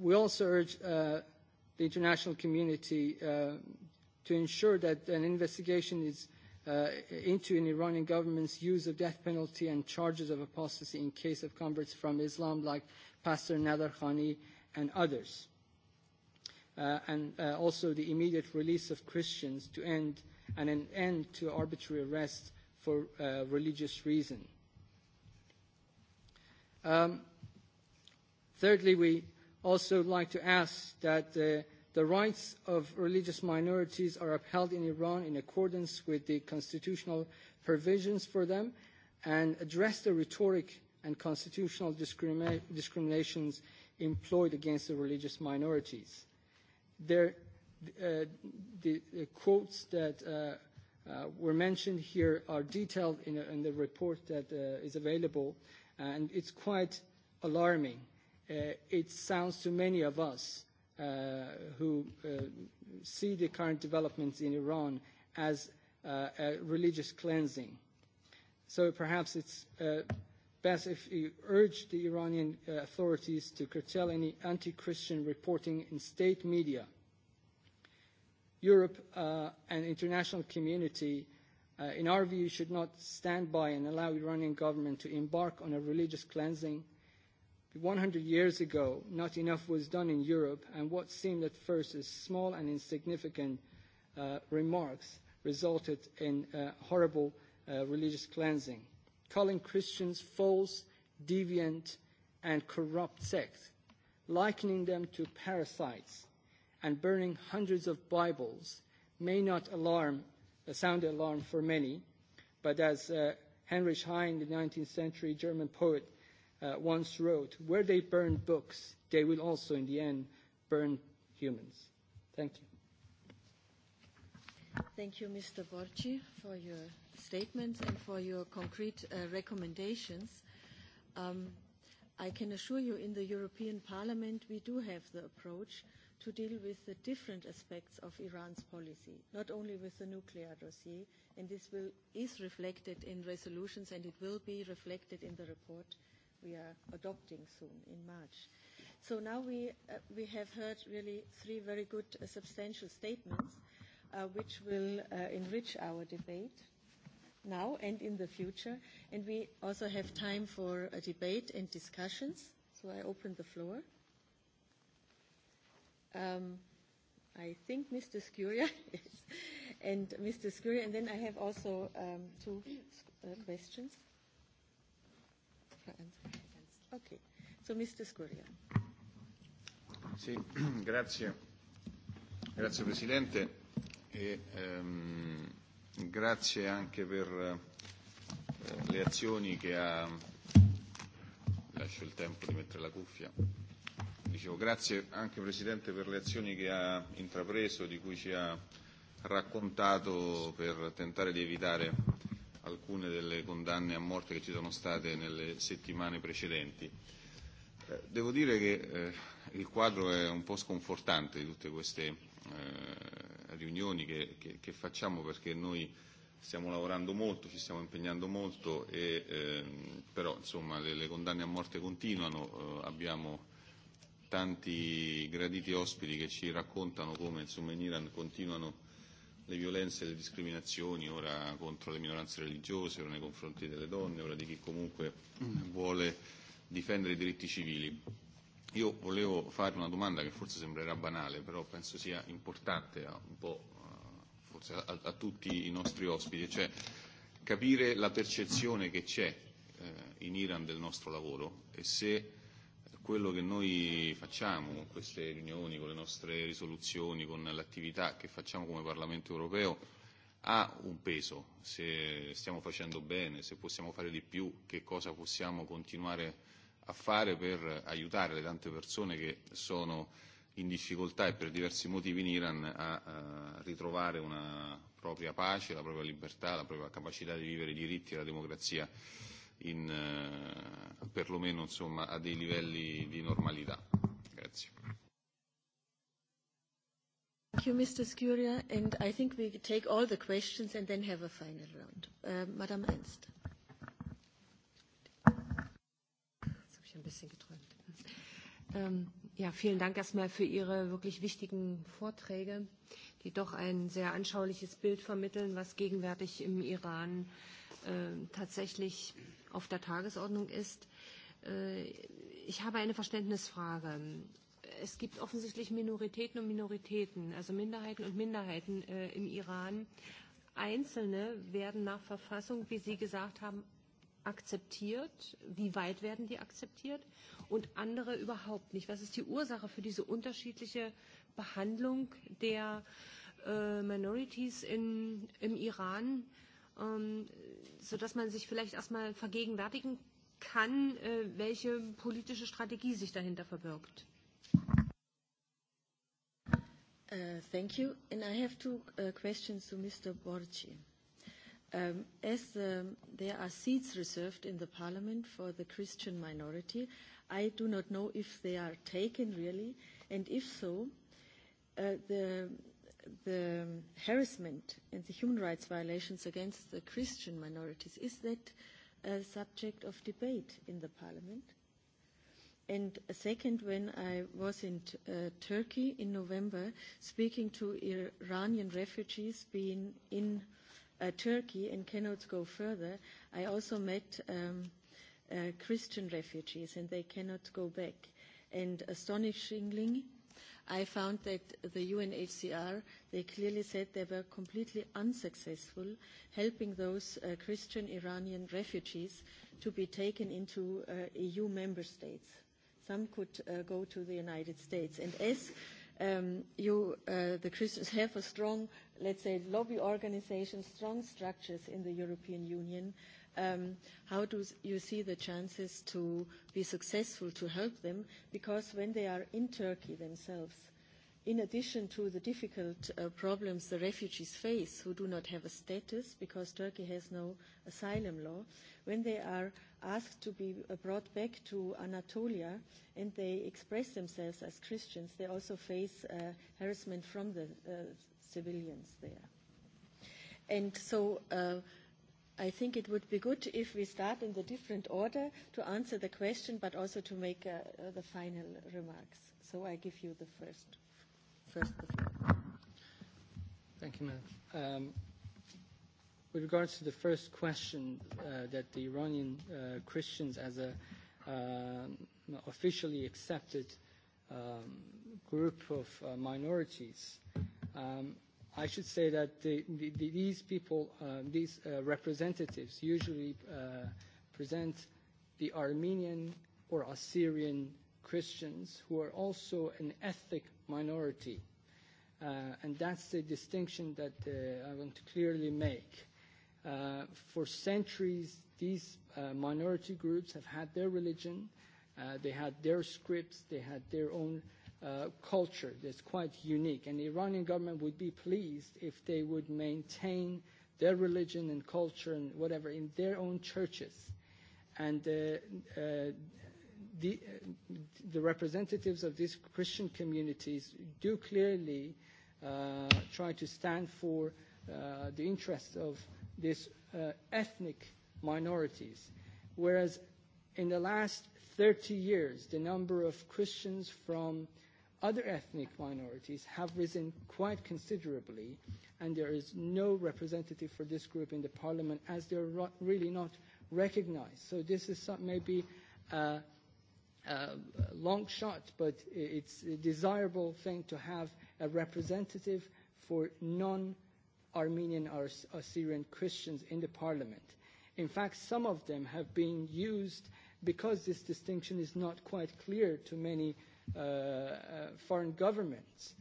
We also urge the international community to ensure that an investigation is into an Iranian government's use of death penalty and charges of apostasy in case of converts from Islam like Pastor Nader Khani and others. And also the immediate release of Christians to end and an end to arbitrary arrest for religious reasons. Thirdly, we also like to ask that the rights of religious minorities are upheld in Iran in accordance with the constitutional provisions for them and address the rhetoric and constitutional discriminations employed against the religious minorities. The quotes that were mentioned here are detailed in the report that is available and it's quite alarming. It sounds to many of us who see the current developments in Iran as a religious cleansing. So perhaps it's best if you urge the Iranian authorities to curtail any anti-Christian reporting in state media. Europe and international community in our view, should not stand by and allow Iranian government to embark on a religious cleansing. 100 years ago, not enough was done in Europe, and what seemed at first as small and insignificant remarks resulted in horrible religious cleansing, calling Christians false, deviant, and corrupt sects, likening them to parasites, and burning hundreds of Bibles may not alarm a sound alarm for many, but as Heinrich Heine, the 19th century German poet, once wrote, where they burn books, they will also in the end burn humans. Thank you. Thank you, Mr. Borci, for your statements and for your concrete recommendations. I can assure you in the European Parliament we do have the approach to deal with the different aspects of Iran's policy, not only with the nuclear dossier, and this is reflected in resolutions and it will be reflected in the report we are adopting soon in March. So now we we have heard really three very good substantial statements which will enrich our debate now and in the future. And we also have time for a debate and discussions. So I open the floor. Um, I think Mr. Scuria and Mr. Scuria, and then I have also um, two questions. Okay, so Mr. Scuria. Sì, grazie. Grazie Presidente. E, grazie anche per le azioni che ha lascio il tempo di mettere la cuffia dicevo grazie anche presidente per le azioni che ha intrapreso di cui ci ha raccontato per tentare di evitare alcune delle condanne a morte che ci sono state nelle settimane precedenti devo dire che il quadro è un po' sconfortante di tutte queste riunioni che, che, che facciamo perché noi stiamo lavorando molto, ci stiamo impegnando molto, e, però insomma le, condanne a morte continuano, abbiamo tanti graditi ospiti che ci raccontano come insomma, in Iran continuano le violenze e le discriminazioni ora contro le minoranze religiose, ora nei confronti delle donne, ora di chi comunque vuole difendere i diritti civili. Io volevo fare una domanda che forse sembrerà banale, però penso sia importante a, un po', forse a, a tutti i nostri ospiti, cioè capire la percezione che c'è in Iran del nostro lavoro e se quello che noi facciamo con queste riunioni, con le nostre risoluzioni, con l'attività che facciamo come Parlamento europeo ha un peso, se stiamo facendo bene, se possiamo fare di più, che cosa possiamo continuare a fare per aiutare le tante persone che sono in difficoltà e per diversi motivi in Iran a ritrovare una propria pace, la propria libertà, la propria capacità di vivere i diritti e la democrazia in perlomeno insomma a dei livelli di normalità. Grazie. Thank Mr. Scuria, and I think we take all the questions and then have a final round. Madam Ernst. bisschen geträumt. Ja, vielen Dank erstmal für Ihre wirklich wichtigen Vorträge, die doch ein sehr anschauliches Bild vermitteln, was gegenwärtig im Iran tatsächlich auf der Tagesordnung ist. Ich habe eine Verständnisfrage. Es gibt offensichtlich Minoritäten und Minoritäten, also Minderheiten und Minderheiten im Iran. Einzelne werden nach Verfassung, wie Sie gesagt haben, akzeptiert? Wie weit werden die akzeptiert? Und andere überhaupt nicht? Was ist die Ursache für diese unterschiedliche Behandlung der Minorities in, im Iran, ähm, sodass man sich vielleicht erstmal vergegenwärtigen kann, welche politische Strategie sich dahinter verbirgt. thank you. And I have two questions to Mr. Borci. As there are seats reserved in the Parliament for the Christian minority, I do not know if they are taken really, and if so, the the harassment and the human rights violations against the Christian minorities is that a subject of debate in the Parliament. And a second, when I was in Turkey in November, speaking to Iranian refugees being in Turkey and cannot go further. I also met Christian refugees and they cannot go back. And astonishingly, I found that the UNHCR, they clearly said they were completely unsuccessful helping those Christian Iranian refugees to be taken into EU member states. Some could go to the United States. And as you, the Christians, have a strong, let's say, lobby organization, strong structures in the European Union. How do you see the chances to be successful to help them? Because when they are in Turkey themselves, in addition to the difficult problems the refugees face who do not have a status because Turkey has no asylum law, when they are asked to be brought back to Anatolia and they express themselves as Christians, they also face harassment from the civilians there. And so I think it would be good if we start in a different order to answer the question but also to make the final remarks. So I give you the first Thank you, With regards to the first question that the Iranian Christians as a officially accepted group of minorities, I should say that these people, these representatives usually present the Armenian or Assyrian Christians who are also an ethnic minority. And that's the distinction that I want to clearly make. For centuries, these minority groups have had their religion, they had their scripts, they had their own culture that's quite unique. And the Iranian government would be pleased if they would maintain their religion and culture and whatever in their own churches. And the representatives of these Christian communities do clearly try to stand for the interests of these ethnic minorities, whereas in the last 30 years, the number of Christians from other ethnic minorities have risen quite considerably, and there is no representative for this group in the parliament as they're really not recognized. So this is maybe long shot, but it's a desirable thing to have a representative for non-Armenian or Assyrian Christians in the parliament. In fact, some of them have been used because this distinction is not quite clear to many foreign governments,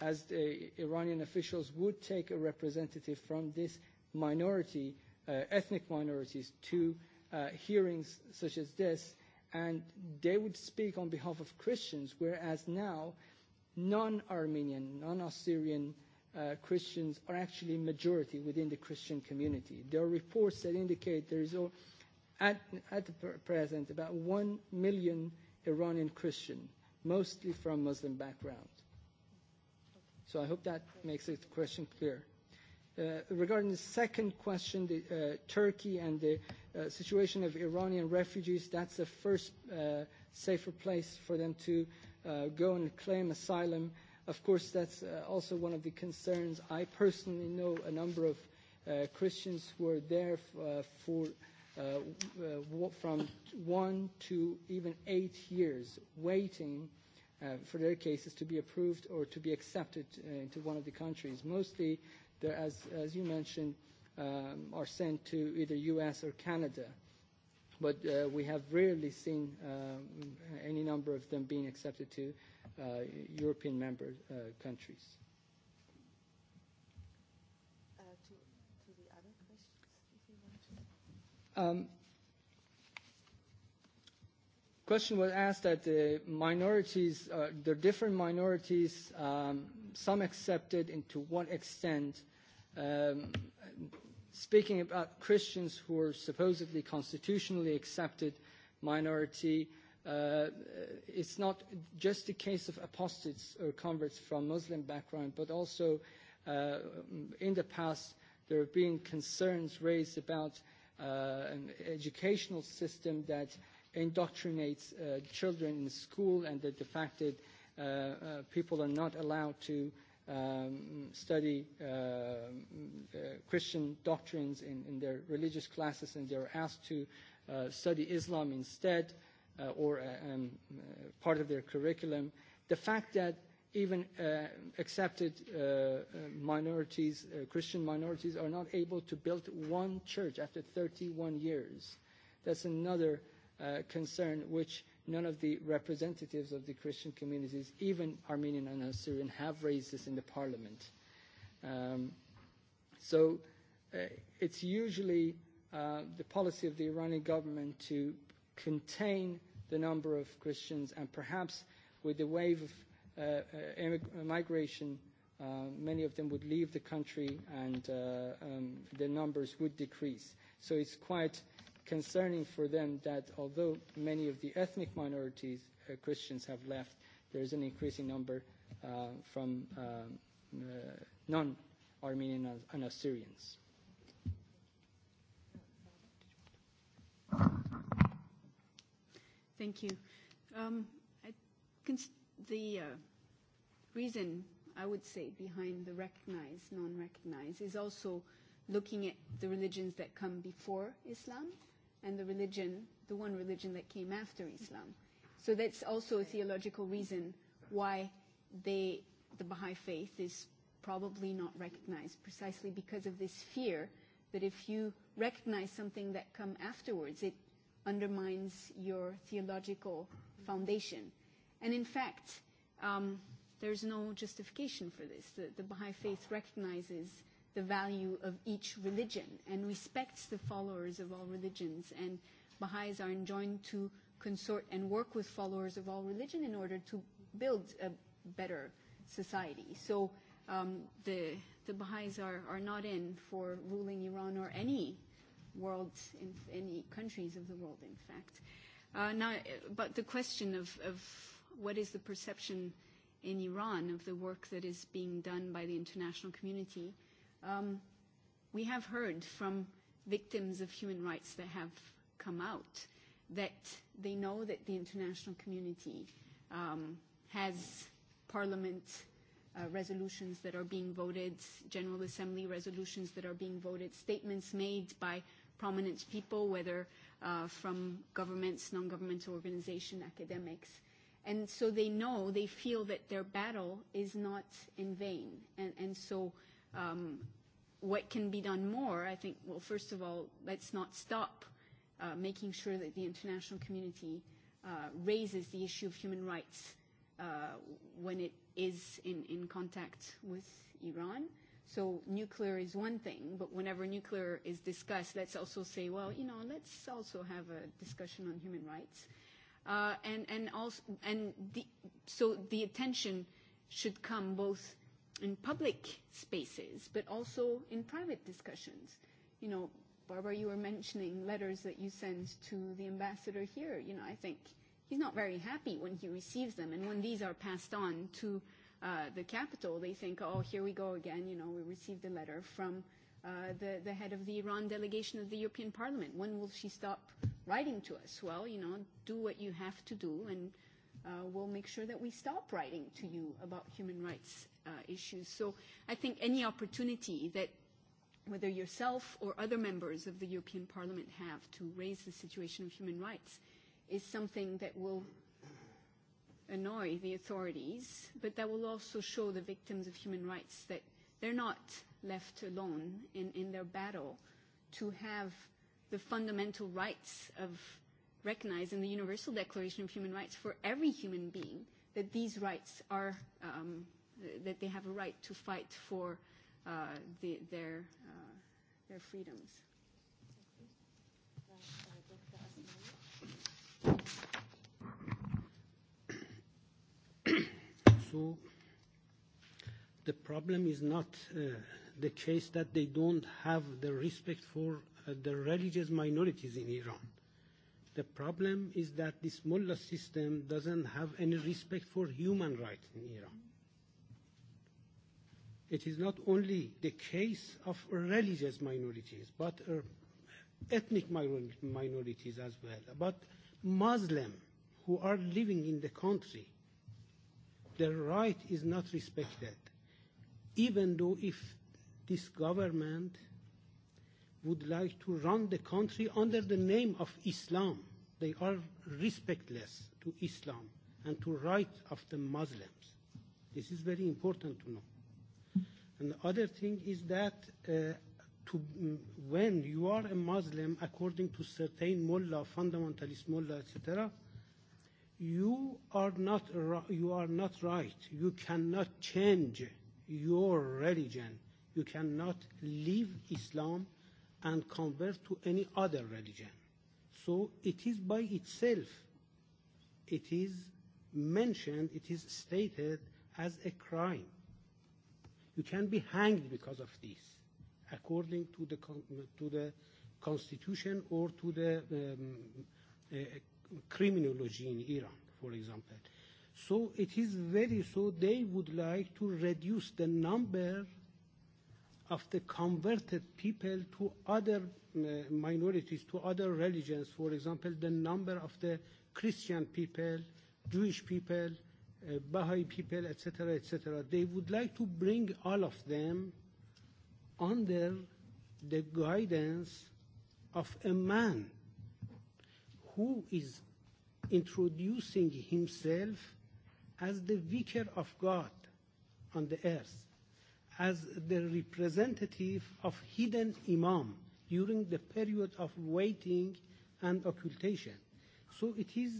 as the Iranian officials would take a representative from this minority, ethnic minorities, to hearings such as this and they would speak on behalf of Christians, whereas now non-Armenian, non-Assyrian Christians are actually majority within the Christian community. There are reports that indicate there is, at, at the present, about one million Iranian Christians, mostly from Muslim background. So I hope that makes the question clear. Regarding the second question, the Turkey and the situation of Iranian refugees, that's the first safer place for them to go and claim asylum. Of course, that's also one of the concerns. I personally know a number of Christians who are there for from one to even eight years waiting for their cases to be approved or to be accepted into one of the countries. Mostly, as you mentioned, are sent to either US or Canada. But we have rarely seen any number of them being accepted to European member countries. Um, question was asked that the minorities, uh, there different minorities, um, some accepted, and to what extent. Um, speaking about Christians who are supposedly constitutionally accepted minority, it's not just a case of apostates or converts from Muslim background, but also in the past there have been concerns raised about an educational system that indoctrinates children in school and that the fact that people are not allowed to study Christian doctrines in their religious classes and they're asked to study Islam instead or part of their curriculum. The fact that even accepted minorities, Christian minorities, are not able to build one church after 31 years. That's another concern which none of the representatives of the Christian communities, even Armenian and Assyrian, have raised this in the parliament. Um, so it's usually uh, the policy of the Iranian government to contain the number of Christians and perhaps with the wave of uh, migration, uh, many of them would leave the country and uh, um, the numbers would decrease. So it's quite concerning for them that although many of the ethnic minorities, Christians have left, there is an increasing number from non-Armenian and Assyrians. Thank you. The reason I would say behind the recognized, non-recognized is also looking at the religions that come before Islam and the religion, the one religion that came after Islam. So that's also a theological reason why they, the Baha'i faith is probably not recognized, precisely because of this fear that if you recognize something that come afterwards, it undermines your theological foundation. And in fact, um, there's no justification for this. The, the Baha'i faith recognizes the value of each religion and respects the followers of all religions. And Baha'is are enjoined to consort and work with followers of all religion in order to build a better society. So um, the, the Baha'is are, are not in for ruling Iran or any world, in any countries of the world, in fact. Uh, now, but the question of, of what is the perception in Iran of the work that is being done by the international community we have heard from victims of human rights that have come out that they know that the international community has parliament resolutions that are being voted, General Assembly resolutions that are being voted, statements made by prominent people, whether from governments, non-governmental organizations, academics. And so they know, they feel that their battle is not in vain. And so What can be done more? I think, well, first of all, let's not stop making sure that the international community raises the issue of human rights when it is in in contact with Iran. So nuclear is one thing, but whenever nuclear is discussed, let's also say, well, you know, let's also have a discussion on human rights. And and also and so the attention should come both in public spaces, but also in private discussions. You know, Barbara, you were mentioning letters that you send to the ambassador here. You know, I think he's not very happy when he receives them. And when these are passed on to uh, the capital, they think, oh, here we go again. You know, we received a letter from uh, the, the head of the Iran delegation of the European Parliament. When will she stop writing to us? Well, you know, do what you have to do and will make sure that we stop writing to you about human rights issues. So I think any opportunity that whether yourself or other members of the European Parliament have to raise the situation of human rights is something that will annoy the authorities, but that will also show the victims of human rights that they're not left alone in in their battle to have the fundamental rights of recognize in the Universal Declaration of Human Rights for every human being that these rights are, um that they have a right to fight for uh the their their freedoms. So the problem is not the case that they don't have the respect for the religious minorities in Iran The problem is that this mullah system doesn't have any respect for human rights in Iran. It is not only the case of religious minorities, but ethnic minorities as well, but Muslims who are living in the country. Their right is not respected, even though if this government would like to run the country under the name of Islam. They are respectless to Islam and to right of the Muslims. This is very important to know. And the other thing is that to, when you are a Muslim, according to certain mullah, fundamentalist mullah, etc., you are not you are not right. You cannot change your religion. You cannot leave Islam and convert to any other religion. So it is by itself, it is mentioned, it is stated as a crime. You can be hanged because of this, according to the to the constitution or to the criminology in Iran, for example. So it is very so they would like to reduce the number of the converted people to other minorities, to other religions. For example, the number of the Christian people, Jewish people, Baha'i people, etc., etc. They would like to bring all of them under the guidance of a man who is introducing himself as the vicar of God on the earth as the representative of hidden imam during the period of waiting and occultation. So it is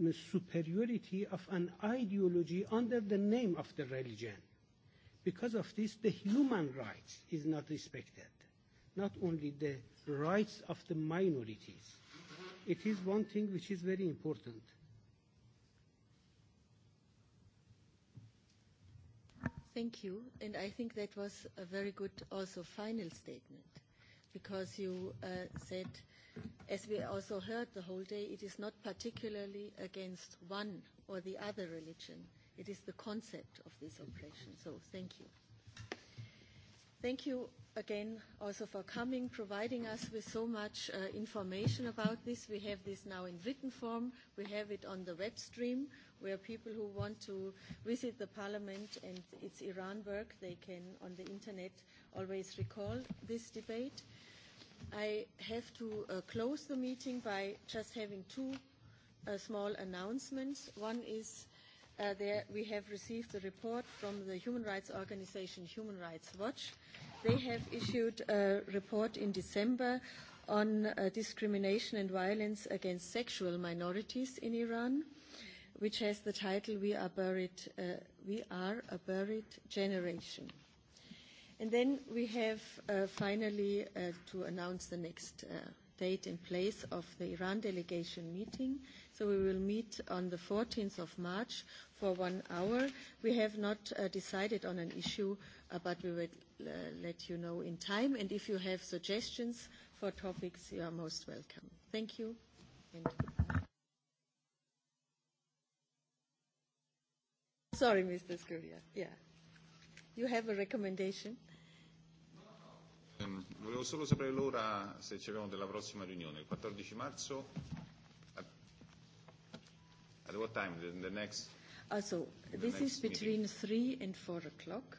the superiority of an ideology under the name of the religion. Because of this, the human rights is not respected, not only the rights of the minorities. It is one thing which is very important. Thank you. And I think that was a very good also final statement because you said, as we also heard the whole day, it is not particularly against one or the other religion. It is the concept of this oppression. So thank you. Thank you again also for coming, providing us with so much information about this. We have this now in written form. We have it on the web stream where people who want to visit the parliament and its Iran work, they can on the internet always recall this debate. I have to close the meeting by just having two small announcements. One is that we have received a report from the human rights organization Human Rights Watch. They have issued a report in December on discrimination and violence against sexual minorities in Iran which has the title We Are Buried We Are a Buried Generation. And then we have finally to announce the next date and place of the Iran delegation meeting. So we will meet on the 14th of March for one hour. We have not decided on an issue, but we will let you know in time. And if you have suggestions for topics, you are most welcome. Thank you. sorry, Mr. Scuria. Yeah. You have a recommendation? Volevo solo sapere l'ora se ci abbiamo della prossima riunione, il 14 marzo. At what time? The next? Also, this is between 3 and 4 o'clock.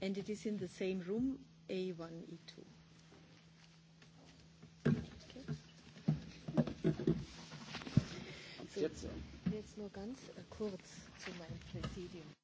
And it is in the same room, A1, E2. Okay. Jetzt jetzt nur ganz kurz zu meinem Präsidium.